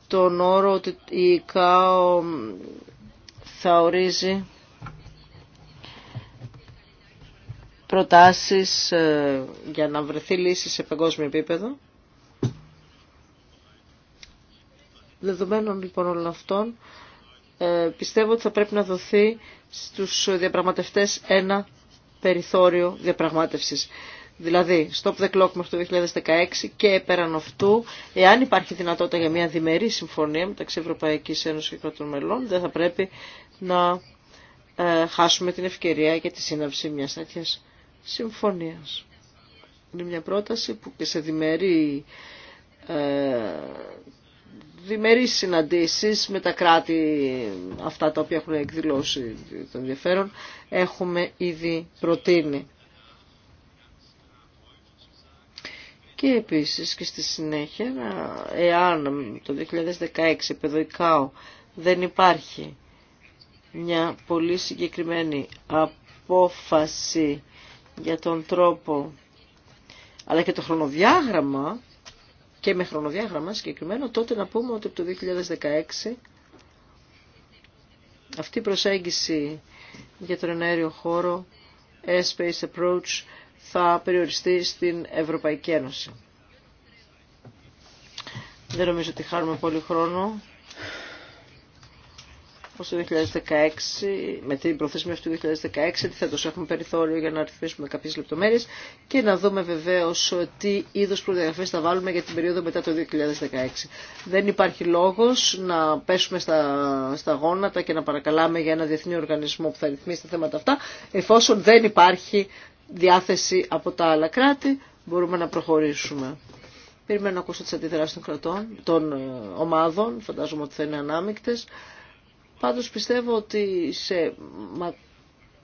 S3: τον όρο ότι η ΙΚΑΟ θα ορίζει προτάσεις ε, για να βρεθεί λύση σε παγκόσμιο επίπεδο. Δεδομένων λοιπόν όλων αυτών, ε, πιστεύω ότι θα πρέπει να δοθεί στους διαπραγματευτές ένα περιθώριο διαπραγμάτευσης. Δηλαδή, stop the clock μέχρι το 2016 και πέραν αυτού, εάν υπάρχει δυνατότητα για μια διμερή συμφωνία μεταξύ Ευρωπαϊκής Ένωσης και κρατών μελών, δεν θα πρέπει να ε, χάσουμε την ευκαιρία για τη σύναψη μιας τέτοια συμφωνίας. Είναι μια πρόταση που και σε διμερεί διμερείς συναντήσεις με τα κράτη αυτά τα οποία έχουν εκδηλώσει το ενδιαφέρον έχουμε ήδη προτείνει. Και επίσης και στη συνέχεια εάν το 2016 επεδοϊκάω δεν υπάρχει μια πολύ συγκεκριμένη απόφαση για τον τρόπο αλλά και το χρονοδιάγραμμα και με χρονοδιάγραμμα συγκεκριμένο τότε να πούμε ότι από το 2016 αυτή η προσέγγιση για τον ενέργειο χώρο Airspace Approach θα περιοριστεί στην Ευρωπαϊκή Ένωση. Δεν νομίζω ότι χάνουμε πολύ χρόνο στόχο 2016, με την προθεσμία του 2016, αντιθέτω έχουμε περιθώριο για να ρυθμίσουμε κάποιε λεπτομέρειε και να δούμε βεβαίω τι είδου προδιαγραφέ θα βάλουμε για την περίοδο μετά το 2016. Δεν υπάρχει λόγο να πέσουμε στα, στα γόνατα και να παρακαλάμε για ένα διεθνή οργανισμό που θα ρυθμίσει τα θέματα αυτά, εφόσον δεν υπάρχει διάθεση από τα άλλα κράτη, μπορούμε να προχωρήσουμε. Περιμένω να ακούσω τι αντιδράσει των κρατών, των ε, ομάδων, φαντάζομαι ότι θα είναι ανάμεικτε. Πάντως πιστεύω ότι σε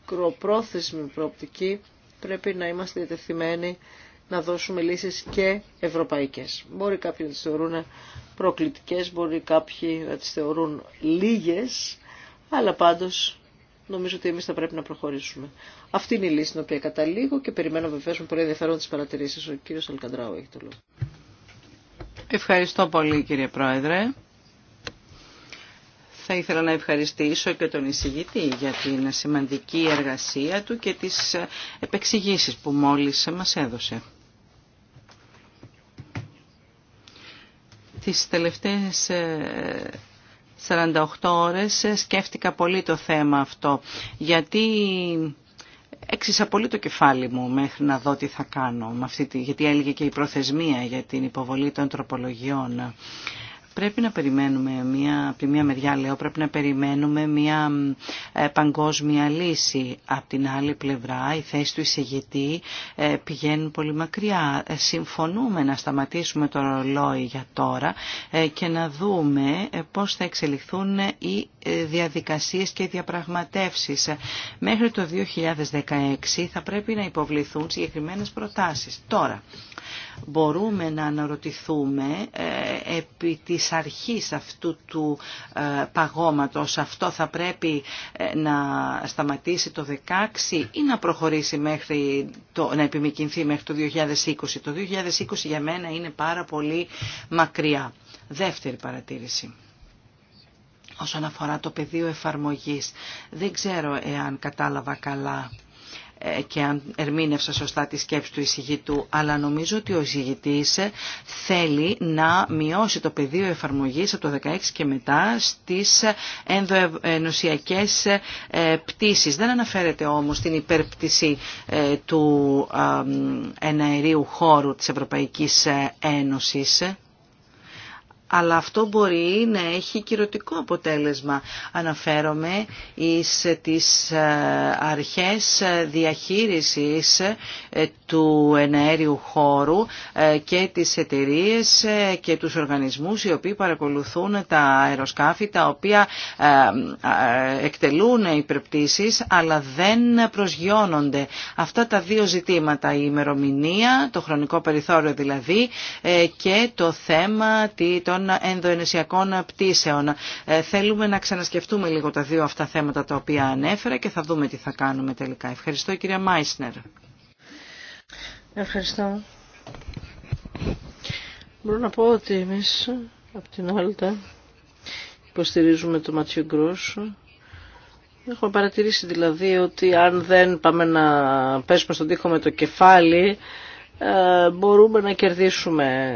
S3: μακροπρόθεσμη προοπτική πρέπει να είμαστε διατεθειμένοι να δώσουμε λύσεις και ευρωπαϊκές. Μπορεί κάποιοι να τις θεωρούν προκλητικές, μπορεί κάποιοι να τις θεωρούν λίγες, αλλά πάντως νομίζω ότι εμείς θα πρέπει να προχωρήσουμε. Αυτή είναι η λύση την οποία καταλήγω και περιμένω βεβαίως με πολύ ενδιαφέρον τις παρατηρήσεις. Ο κύριος Αλκαντράου έχει το λόγο.
S2: Ευχαριστώ πολύ κύριε Πρόεδρε. Θα ήθελα να ευχαριστήσω και τον εισηγητή για την σημαντική εργασία του και τις επεξηγήσεις που μόλις μας έδωσε. Τις τελευταίες 48 ε, ώρες σκέφτηκα πολύ το θέμα αυτό, γιατί έξισα πολύ το κεφάλι μου μέχρι να δω τι θα κάνω, με αυτή, γιατί έλεγε και η προθεσμία για την υποβολή των τροπολογιών. Πρέπει να περιμένουμε μια, από τη μία μεριά λέω, πρέπει να περιμένουμε μια ε, παγκόσμια λύση. Από την άλλη πλευρά η θέση του εισηγητή ε, πηγαίνουν πολύ μακριά. Ε, συμφωνούμε να σταματήσουμε το ρολόι για τώρα και να δούμε πώς θα εξελιχθούν οι διαδικασίες και οι διαπραγματεύσεις. Μέχρι το 2016 θα πρέπει να υποβληθούν συγκεκριμένες προτάσεις. Τώρα, μπορούμε να αναρωτηθούμε ε, επί της αρχής αυτού του ε, παγώματος. Αυτό θα πρέπει ε, να σταματήσει το 16 ή να προχωρήσει μέχρι το, να επιμηκυνθεί μέχρι το 2020. Το 2020 για μένα είναι πάρα πολύ μακριά. Δεύτερη παρατήρηση όσον αφορά το πεδίο εφαρμογής. Δεν ξέρω εάν κατάλαβα καλά ε, και αν ερμήνευσα σωστά τη σκέψη του εισηγητού, αλλά νομίζω ότι ο εισηγητής θέλει να μειώσει το πεδίο εφαρμογής από το 16 και μετά στις ενδοενωσιακές ε, πτήσεις. Δεν αναφέρεται όμως την υπερπτήση ε, του εναερίου χώρου της Ευρωπαϊκής Ένωσης αλλά αυτό μπορεί να έχει κυρωτικό αποτέλεσμα. Αναφέρομαι εις τις ε, αρχές διαχείρισης ε, του εναέριου χώρου ε, και τις εταιρείε και τους οργανισμούς οι οποίοι παρακολουθούν τα αεροσκάφη τα οποία εκτελούν υπερπτήσεις αλλά δεν προσγειώνονται. Αυτά τα δύο ζητήματα, η ημερομηνία, το χρονικό περιθώριο δηλαδή και το θέμα των ενδοενεσιακών πτήσεων. Ε, θέλουμε να ξανασκεφτούμε λίγο τα δύο αυτά θέματα τα οποία ανέφερα και θα δούμε τι θα κάνουμε τελικά. Ευχαριστώ κυρία Μάισνερ. Ευχαριστώ. Μπορώ να πω ότι εμείς από την Άλτα
S3: υποστηρίζουμε το Ματσιο Γκρόσο. Έχουμε παρατηρήσει δηλαδή ότι αν δεν πάμε να πέσουμε στον τοίχο με το κεφάλι ε, μπορούμε να κερδίσουμε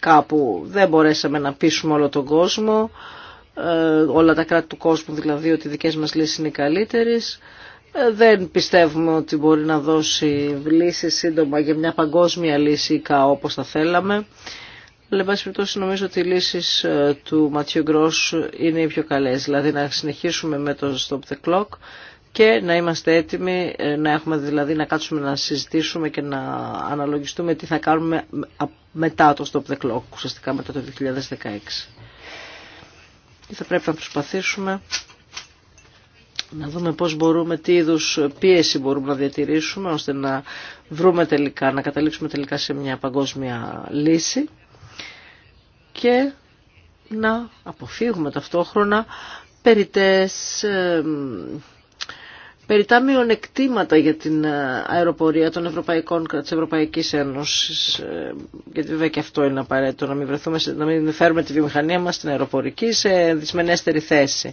S3: κάπου δεν μπορέσαμε να πείσουμε όλο τον κόσμο, ε, όλα τα κράτη του κόσμου δηλαδή ότι οι δικές μας λύσεις είναι οι καλύτερες. Ε, δεν πιστεύουμε ότι μπορεί να δώσει λύση σύντομα για μια παγκόσμια λύση κα όπως θα θέλαμε. Αλλά, εν νομίζω ότι οι λύσει ε, του Ματιού Γκρό είναι οι πιο καλέ. Δηλαδή, να συνεχίσουμε με το stop the clock, και να είμαστε έτοιμοι, ε, να έχουμε δηλαδή να κάτσουμε να συζητήσουμε και να αναλογιστούμε τι θα κάνουμε μετά το stop the clock, ουσιαστικά μετά το 2016. Και θα πρέπει να προσπαθήσουμε να δούμε πώς μπορούμε, τι είδους πίεση μπορούμε να διατηρήσουμε ώστε να βρούμε τελικά, να καταλήξουμε τελικά σε μια παγκόσμια λύση και να αποφύγουμε ταυτόχρονα περιτές ε, περιτά μειονεκτήματα για την ε, αεροπορία των Ευρωπαϊκών της Ευρωπαϊκής Ένωσης. Ε, γιατί βέβαια και αυτό είναι απαραίτητο, να μην, βρεθούμε, να μην φέρουμε τη βιομηχανία μας στην αεροπορική σε δυσμενέστερη θέση.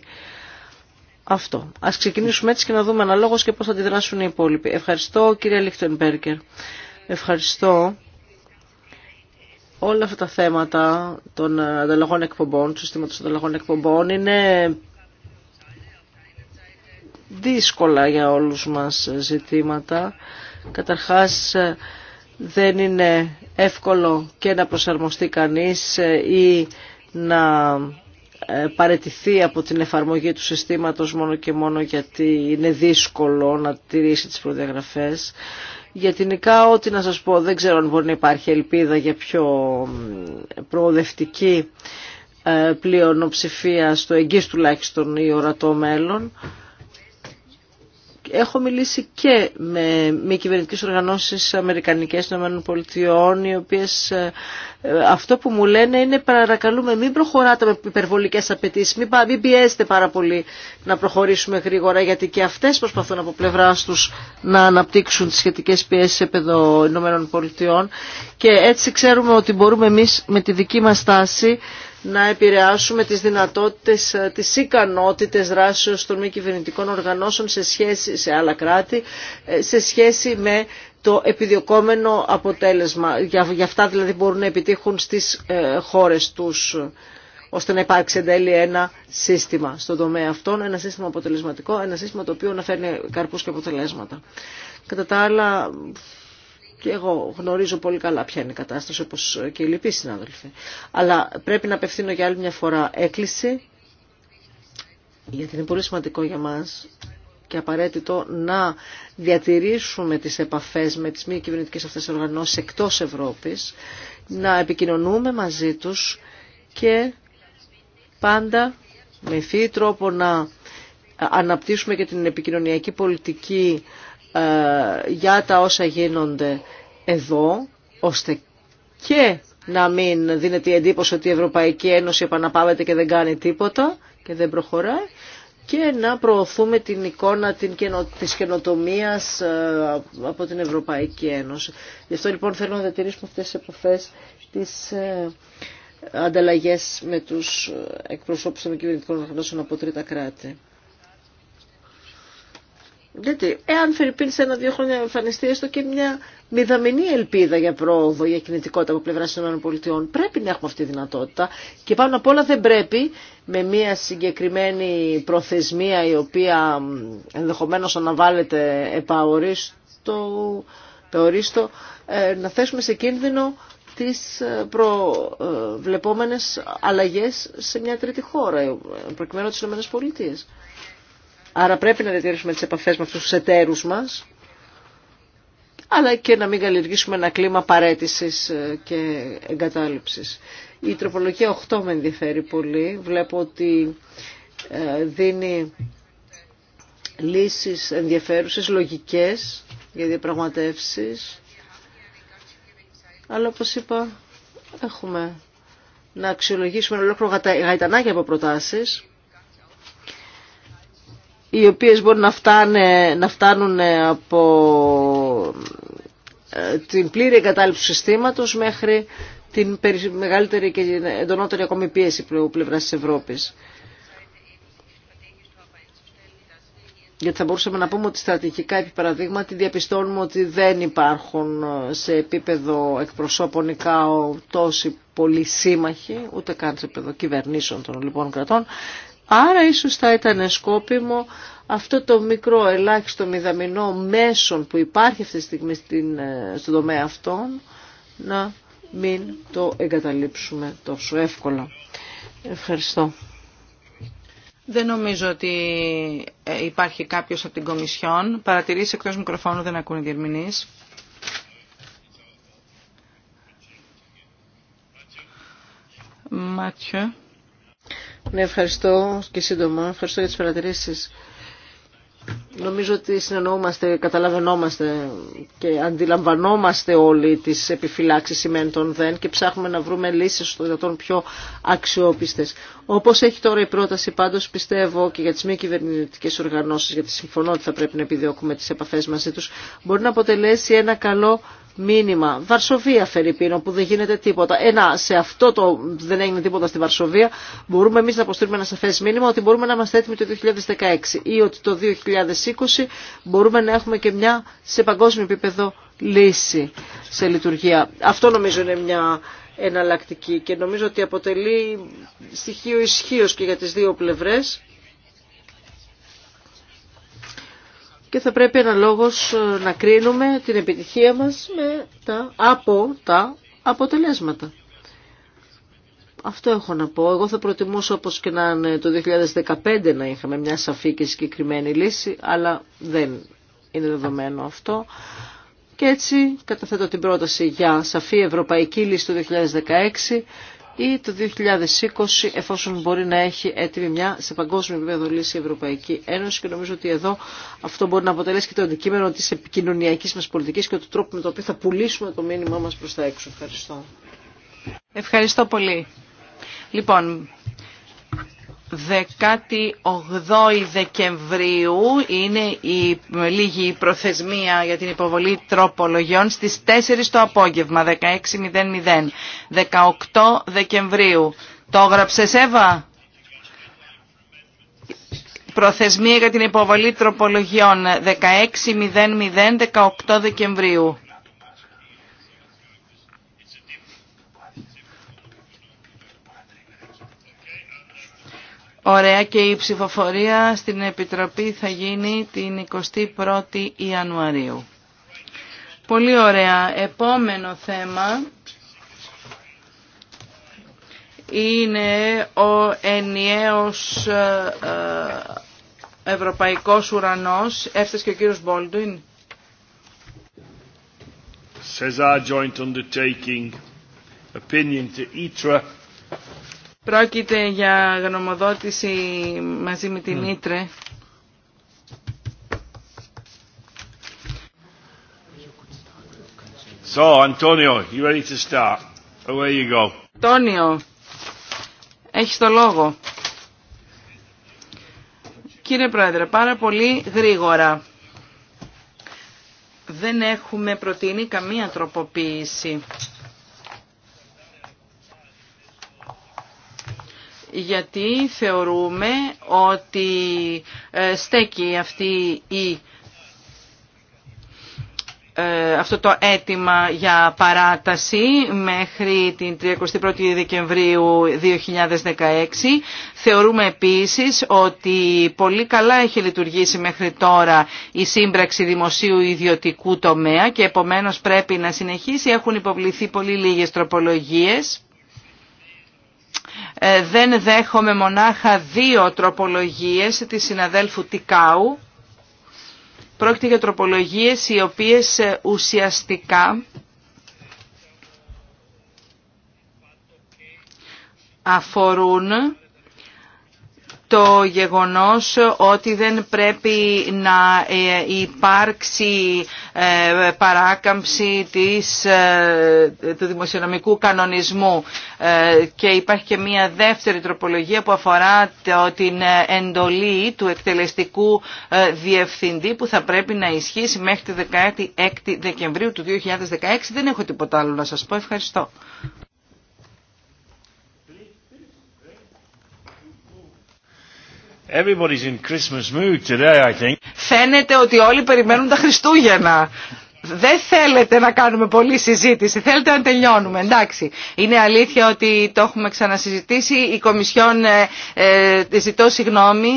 S3: Αυτό. Ας ξεκινήσουμε έτσι και να δούμε αναλόγως και πώς θα αντιδράσουν οι υπόλοιποι. Ευχαριστώ κύριε Λίχτενμπέργκερ. Ευχαριστώ όλα αυτά τα θέματα των ε, ανταλλαγών εκπομπών, του συστήματος ανταλλαγών εκπομπών είναι δύσκολα για όλους μας ζητήματα. Καταρχάς δεν είναι εύκολο και να προσαρμοστεί κανείς ε, ή να ε, παρετηθεί από την εφαρμογή του συστήματος μόνο και μόνο γιατί είναι δύσκολο να τηρήσει τις προδιαγραφές. την νικά ό,τι να σας πω δεν ξέρω αν μπορεί να υπάρχει ελπίδα για πιο προοδευτική ε, πλειονοψηφία στο εγγύς τουλάχιστον ή ορατό μέλλον. Έχω μιλήσει και με μη κυβερνητικέ οργανώσεις αμερικανικές των ΗΠΑ, οι οποίες ε, ε, αυτό που μου λένε είναι παρακαλούμε μην προχωράτε με υπερβολικέ απαιτήσει, μην, μην πιέζετε πάρα πολύ να προχωρήσουμε γρήγορα, γιατί και αυτές προσπαθούν από πλευρά τους να αναπτύξουν τις σχετικές πιέσει σε επίπεδο ΗΠΑ και έτσι ξέρουμε ότι μπορούμε εμεί με τη δική μα στάση να επηρεάσουμε τις δυνατότητες, ε, τις ικανότητες δράσεως των μη κυβερνητικών οργανώσεων σε σχέση σε άλλα κράτη, ε, σε σχέση με το επιδιωκόμενο αποτέλεσμα. Για, αυτά δηλαδή μπορούν να επιτύχουν στις ε, χώρες τους ώστε να υπάρξει εν τέλει ένα σύστημα στον τομέα αυτόν, ένα σύστημα αποτελεσματικό, ένα σύστημα το οποίο να φέρνει καρπούς και αποτελέσματα. Κατά τα άλλα, και εγώ γνωρίζω πολύ καλά ποια είναι η κατάσταση, όπως και οι λοιποί συνάδελφοι. Αλλά πρέπει να απευθύνω για άλλη μια φορά έκκληση, γιατί είναι πολύ σημαντικό για μας και απαραίτητο να διατηρήσουμε τις επαφές με τις μη κυβερνητικές αυτές οργανώσεις εκτός Ευρώπης, να επικοινωνούμε μαζί τους και πάντα με ευθύ τρόπο να αναπτύσσουμε και την επικοινωνιακή πολιτική ε, για τα όσα γίνονται εδώ, ώστε και να μην δίνεται η εντύπωση ότι η Ευρωπαϊκή Ένωση επαναπάβεται και δεν κάνει τίποτα και δεν προχωράει και να προωθούμε την εικόνα της καινοτομίας ε, από την Ευρωπαϊκή Ένωση. Γι' αυτό λοιπόν θέλω να διατηρήσουμε αυτές τις εποφές, της ε, ανταλλαγές με τους εκπροσώπους των κυβερνητικών οργανώσεων από τρίτα κράτη. Γιατί εάν Φερρυπίν σε ένα-δύο χρόνια εμφανιστεί έστω και μια μηδαμινή ελπίδα για πρόοδο, για κινητικότητα από πλευρά των ΗΠΑ, πρέπει να έχουμε αυτή τη δυνατότητα. Και πάνω απ' όλα δεν πρέπει με μια συγκεκριμένη προθεσμία η οποία ενδεχομένως αναβάλλεται επαορίστο, επαορίστο ε, να θέσουμε σε κίνδυνο τις ε, προβλεπόμενες αλλαγές σε μια τρίτη χώρα, ε, προκειμένου τις ΗΠΑ. Άρα πρέπει να διατηρήσουμε τις επαφές με αυτούς τους εταίρους μας, αλλά και να μην καλλιεργήσουμε ένα κλίμα παρέτησης ε, και εγκατάληψης. Η τροπολογία 8 με ενδιαφέρει πολύ. Βλέπω ότι ε, δίνει λύσεις ενδιαφέρουσες, λογικές για διαπραγματεύσεις. Αλλά όπως είπα, έχουμε να αξιολογήσουμε ολόκληρο γαϊτανάκι από προτάσεις οι οποίες μπορούν να, φτάνουν ε, από ε, την πλήρη εγκατάλειψη του συστήματος μέχρι την μεγαλύτερη και εντονότερη ακόμη πίεση πλευράς της Ευρώπης. Γιατί θα μπορούσαμε να πούμε ότι στρατηγικά επί παραδείγματι διαπιστώνουμε ότι δεν υπάρχουν ε, σε επίπεδο εκπροσώπων ΙΚΑΟ τόσοι πολλοί σύμμαχοι, ούτε καν σε επίπεδο κυβερνήσεων των λοιπόν κρατών, Άρα ίσως θα ήταν σκόπιμο αυτό το μικρό ελάχιστο μηδαμινό μέσον που υπάρχει αυτή τη στιγμή στην, ε, στον τομέα αυτών να μην το εγκαταλείψουμε τόσο εύκολα. Ευχαριστώ.
S2: Δεν νομίζω ότι ε, υπάρχει κάποιος από την Κομισιόν. Παρατηρήσει εκτός μικροφώνου δεν ακούνε διερμηνείς. Μάτιο. Ναι, ευχαριστώ και
S3: σύντομα. Ευχαριστώ για τις παρατηρήσεις. Νομίζω ότι συνεννοούμαστε, καταλαβαίνόμαστε και αντιλαμβανόμαστε όλοι τις επιφυλάξεις σημαίνει των ΔΕΝ και ψάχνουμε να βρούμε λύσεις στο δυνατόν πιο αξιόπιστες. Όπως έχει τώρα η πρόταση πάντως πιστεύω και για τις μη κυβερνητικές οργανώσεις, γιατί συμφωνώ ότι θα πρέπει να επιδιώκουμε τις επαφές μαζί τους, μπορεί να αποτελέσει ένα καλό μήνυμα. Βαρσοβία, Φερρυπίνο, που δεν γίνεται τίποτα. Ένα, σε αυτό το δεν έγινε τίποτα στη Βαρσοβία, μπορούμε εμεί να αποστείλουμε ένα σαφέ μήνυμα ότι μπορούμε να είμαστε έτοιμοι το 2016 ή ότι το 2020 μπορούμε να έχουμε και μια σε παγκόσμιο επίπεδο λύση σε λειτουργία. Αυτό νομίζω είναι μια εναλλακτική και νομίζω ότι αποτελεί στοιχείο ισχύω και για τι δύο πλευρέ.
S2: και θα πρέπει αναλόγως
S3: ε, να κρίνουμε την επιτυχία μας με τα, από τα αποτελέσματα. Αυτό έχω να πω. Εγώ θα προτιμούσα όπως και να είναι το 2015 να είχαμε μια σαφή και συγκεκριμένη λύση, αλλά δεν είναι δεδομένο αυτό. Και έτσι καταθέτω την πρόταση για σαφή ευρωπαϊκή λύση το 2016 ή το 2020 εφόσον μπορεί να έχει έτοιμη μια σε παγκόσμιο επίπεδο λύση η Ευρωπαϊκή Ένωση και νομίζω ότι εδώ αυτό μπορεί να αποτελέσει και το αντικείμενο της επικοινωνιακής μας πολιτικής και του τρόπου με τον οποίο θα πουλήσουμε το μήνυμά μας προς τα έξω. Ευχαριστώ.
S2: Ευχαριστώ πολύ. Λοιπόν, 18 Δεκεμβρίου είναι η λίγη προθεσμία για την υποβολή τροπολογιών στις 4 το απόγευμα, 16.00. 18 Δεκεμβρίου. Το έγραψε Εύα? Προθεσμία για την υποβολή τροπολογιών 16.00, 18 Δεκεμβρίου. Ωραία και η ψηφοφορία στην Επιτροπή θα γίνει την 21η Ιανουαρίου. Πολύ ωραία. Επόμενο θέμα είναι ο ενιαίος ε, ε, ευρωπαϊκός ουρανός. Έφτασε και ο κύριος Μπόλτουιν.
S1: Joint Undertaking Opinion to ITRA
S2: Πρόκειται για γνωμοδότηση μαζί με την Ήτρε.
S1: So, Antonio, you ready to start? Away
S2: έχεις το λόγο. Κύριε Πρόεδρε, πάρα πολύ γρήγορα. Δεν έχουμε προτείνει καμία τροποποίηση. γιατί θεωρούμε ότι ε, στέκει αυτή η ε, αυτό το αίτημα για παράταση μέχρι την 31η Δεκεμβρίου 2016. Θεωρούμε επίσης ότι πολύ καλά έχει λειτουργήσει μέχρι τώρα η σύμπραξη δημοσίου ιδιωτικού τομέα και επομένως πρέπει να συνεχίσει. Έχουν υποβληθεί πολύ λίγες τροπολογίες. Ε, δεν δέχομαι μονάχα δύο τροπολογίες της συναδέλφου Τικάου. Πρόκειται για τροπολογίες οι οποίες ε, ουσιαστικά αφορούν το γεγονός ότι δεν πρέπει να ε, υπάρξει ε, παράκαμψη της, ε, του δημοσιονομικού κανονισμού και υπάρχει και μια δεύτερη τροπολογία που αφορά την εντολή του εκτελεστικού διευθυντή που θα πρέπει να ισχύσει μέχρι τη 16 Δεκεμβρίου του 2016. Δεν έχω τίποτα άλλο να σας πω. Ευχαριστώ.
S1: Everybody's in Christmas mood today, I think.
S2: Φαίνεται ότι όλοι περιμένουν τα Χριστούγεννα. Δεν θέλετε να κάνουμε πολλή συζήτηση, θέλετε να τελειώνουμε, εντάξει. Είναι αλήθεια ότι το έχουμε ξανασυζητήσει, η Κομισιόν ε, ε, ζητώ συγγνώμη,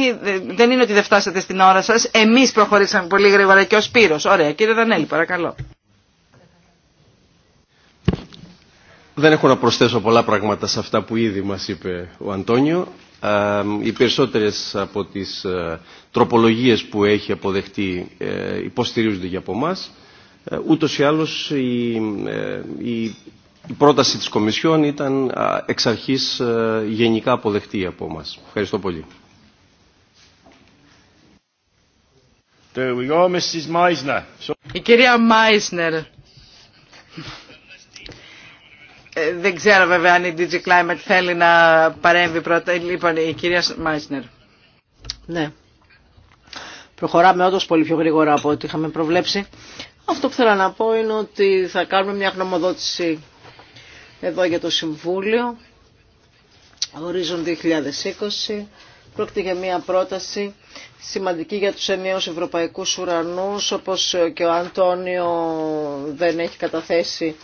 S2: δεν είναι ότι δεν φτάσατε στην ώρα σας, εμείς προχωρήσαμε πολύ γρήγορα και ο Σπύρος. Ωραία, κύριε Δανέλη, παρακαλώ.
S3: Δεν έχω να
S1: προσθέσω πολλά πράγματα σε αυτά που ήδη μας είπε ο Αντώνιο οι περισσότερες
S3: από τις ε, τροπολογίες που έχει αποδεχτεί ε, υποστηρίζονται για από εμά. Ε, ούτως ή άλλως η, πρόταση της Κομισιόν ήταν εξ αρχής γενικά αποδεχτή από μας. Ευχαριστώ πολύ.
S2: κυρία ε, δεν ξέρω βέβαια αν η DG Climate θέλει να παρέμβει πρώτα. Λοιπόν, η κυρία Μάισνερ.
S3: Ναι. Προχωράμε όντως πολύ πιο γρήγορα από ό,τι είχαμε προβλέψει. Αυτό που θέλω να πω είναι ότι θα κάνουμε μια γνωμοδότηση εδώ για το Συμβούλιο. Ορίζον 2020. Πρόκειται για μια πρόταση σημαντική για τους ενιαίους ευρωπαϊκούς ουρανούς, όπως και ο Αντώνιο δεν έχει καταθέσει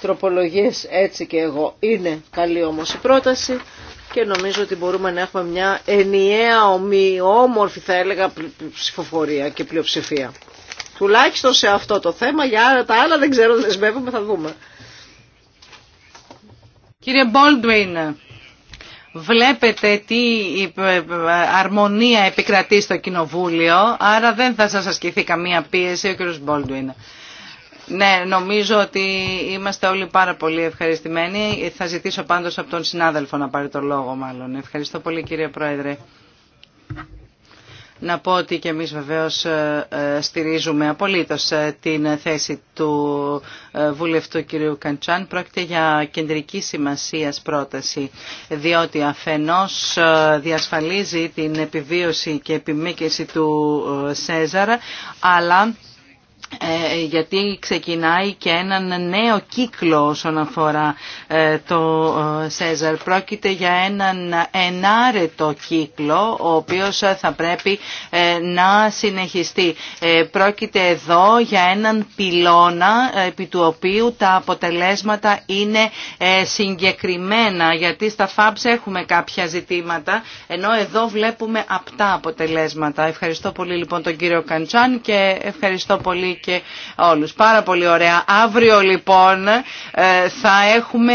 S3: τροπολογίες έτσι και εγώ. Είναι καλή όμως η πρόταση και νομίζω ότι μπορούμε να έχουμε μια ενιαία ομοιόμορφη θα έλεγα ψηφοφορία και πλειοψηφία. Τουλάχιστον σε αυτό το θέμα, για τα άλλα δεν ξέρω, δεσμεύομαι, θα δούμε.
S2: Κύριε Μπόλντουιν, βλέπετε τι ε, ε, αρμονία επικρατεί στο Κοινοβούλιο, άρα δεν θα σας ασκηθεί καμία πίεση ο κύριος Μπόλντουιν. Ναι, νομίζω ότι είμαστε όλοι πάρα πολύ ευχαριστημένοι. Θα ζητήσω πάντως από τον συνάδελφο να πάρει το λόγο μάλλον. Ευχαριστώ πολύ κύριε Πρόεδρε. Να πω ότι και εμείς βεβαίως ε, ε, στηρίζουμε απολύτως ε, την θέση του βουλευτού κυρίου Καντσάν. Πρόκειται για κεντρική σημασίας πρόταση, διότι αφενός διασφαλίζει την επιβίωση και επιμήκυση του Σέζαρα, αλλά ε, γιατί ξεκινάει και έναν νέο κύκλο όσον αφορά ε, το ε, ΣΕΖΑΡ. Πρόκειται για έναν ενάρετο κύκλο, ο οποίος θα πρέπει να συνεχιστεί. Πρόκειται εδώ για έναν πυλώνα, επί του οποίου τα αποτελέσματα είναι συγκεκριμένα, γιατί στα ΦΑΜΣ έχουμε κάποια ζητήματα, ενώ εδώ βλέπουμε απτά αποτελέσματα. Ευχαριστώ πολύ λοιπόν τον κύριο Καντσάν και ευχαριστώ πολύ και όλους. Πάρα πολύ ωραία. Αύριο λοιπόν ε, θα έχουμε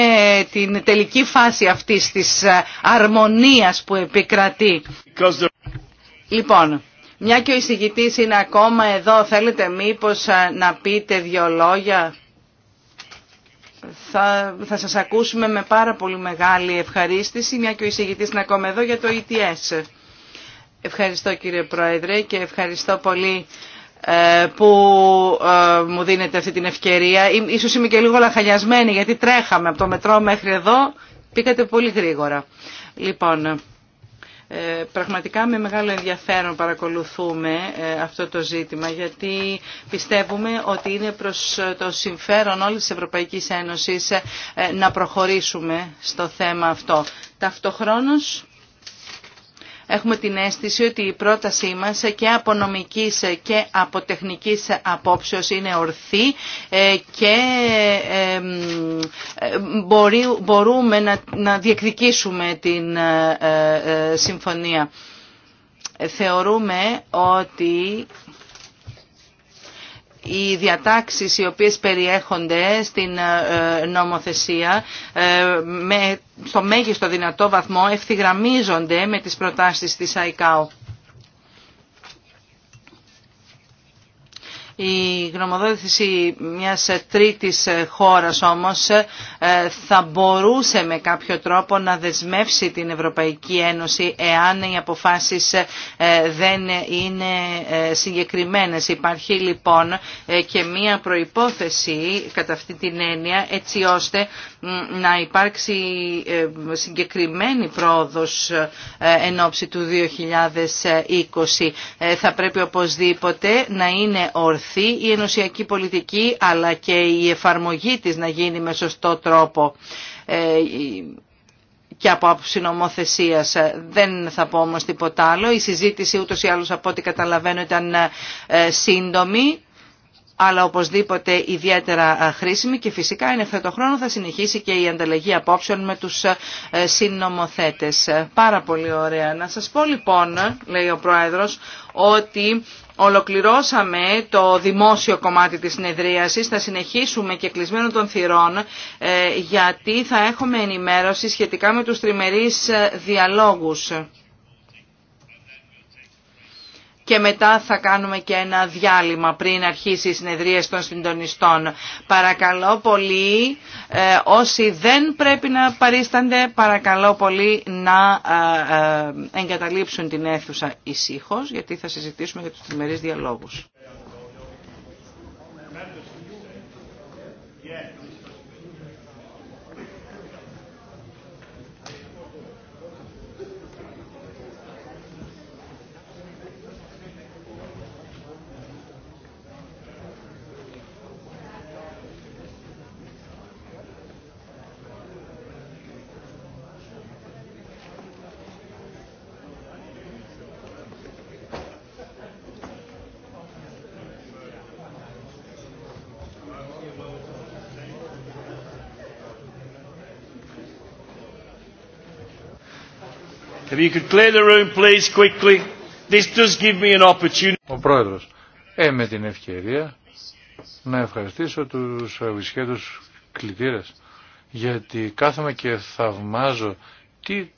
S2: την τελική φάση αυτής της ε, αρμονίας που επικρατεί. Λοιπόν, μια και ο εισηγητής είναι ακόμα εδώ, θέλετε μήπως ε, να πείτε δύο λόγια. Θα, θα σας ακούσουμε με πάρα πολύ μεγάλη ευχαρίστηση, μια και ο εισηγητής είναι ακόμα εδώ για το ETS. Ευχαριστώ κύριε Πρόεδρε και ευχαριστώ πολύ ε, που ε, μου δίνετε αυτή την ευκαιρία. Ίσως είμαι και λίγο λαχανιασμένη γιατί τρέχαμε από το μετρό μέχρι εδώ. Πήγατε πολύ γρήγορα. Λοιπόν, ε, πραγματικά με μεγάλο ενδιαφέρον παρακολουθούμε αυτό το ζήτημα γιατί πιστεύουμε ότι είναι προς το συμφέρον όλης της Ευρωπαϊκής Ένωσης να προχωρήσουμε στο θέμα αυτό. Ταυτοχρόνως έχουμε την αίσθηση ότι η πρότασή μας και από νομικής και από τεχνικής απόψεως είναι ορθή ε, και ε, μπορούμε να διεκδικήσουμε την ε, συμφωνία. Θεωρούμε ότι οι διατάξεις οι οποίες περιέχονται στην ε, νομοθεσία ε, με, στο μέγιστο δυνατό βαθμό ευθυγραμμίζονται με τις προτάσεις της ΑΙΚΑΟ. Η γνωμοδότηση μιας τρίτης χώρας όμως ε, θα μπορούσε με κάποιο τρόπο να δεσμεύσει την Ευρωπαϊκή Ένωση εάν οι αποφάσεις ε, δεν είναι ε, συγκεκριμένες. Υπάρχει λοιπόν και μια προϋπόθεση κατά αυτή την έννοια έτσι ώστε να υπάρξει ε, συγκεκριμένη πρόοδος ε, εν ώψη του 2020. Ε, θα πρέπει οπωσδήποτε να είναι ορθή η ενωσιακή πολιτική αλλά και η εφαρμογή της να γίνει με σωστό τρόπο και από άποψη νομοθεσία. Δεν θα πω όμω τίποτα άλλο. Η συζήτηση ούτω ή άλλω από ό,τι καταλαβαίνω ήταν σύντομη αλλά οπωσδήποτε ιδιαίτερα ε, χρήσιμη και φυσικά ειναι αυτό το χρόνο θα συνεχίσει και η ανταλλαγή απόψεων με τους ε, συνομοθέτες. Ε, πάρα πολύ ωραία. Να σας πω λοιπόν, λέει ο Πρόεδρος, ότι Ολοκληρώσαμε το δημόσιο κομμάτι της συνεδρίασης, θα συνεχίσουμε και κλεισμένο των θυρών γιατί θα έχουμε ενημέρωση σχετικά με τους τριμερείς διαλόγους και μετά θα κάνουμε και ένα διάλειμμα πριν αρχίσει η συνεδρία των συντονιστών. Παρακαλώ πολύ ε, όσοι δεν πρέπει να παρίστανται παρακαλώ πολύ να ε, ε, εγκαταλείψουν την αίθουσα ησύχως γιατί θα συζητήσουμε για τους τριμερείς διαλόγους.
S1: If you could clear the room, please, quickly. This does give me an opportunity. Ο πρόεδρος, ε, με την ευκαιρία να ευχαριστήσω τους αρισχέτους κλητήρες, γιατί κάθομαι και θαυμάζω τι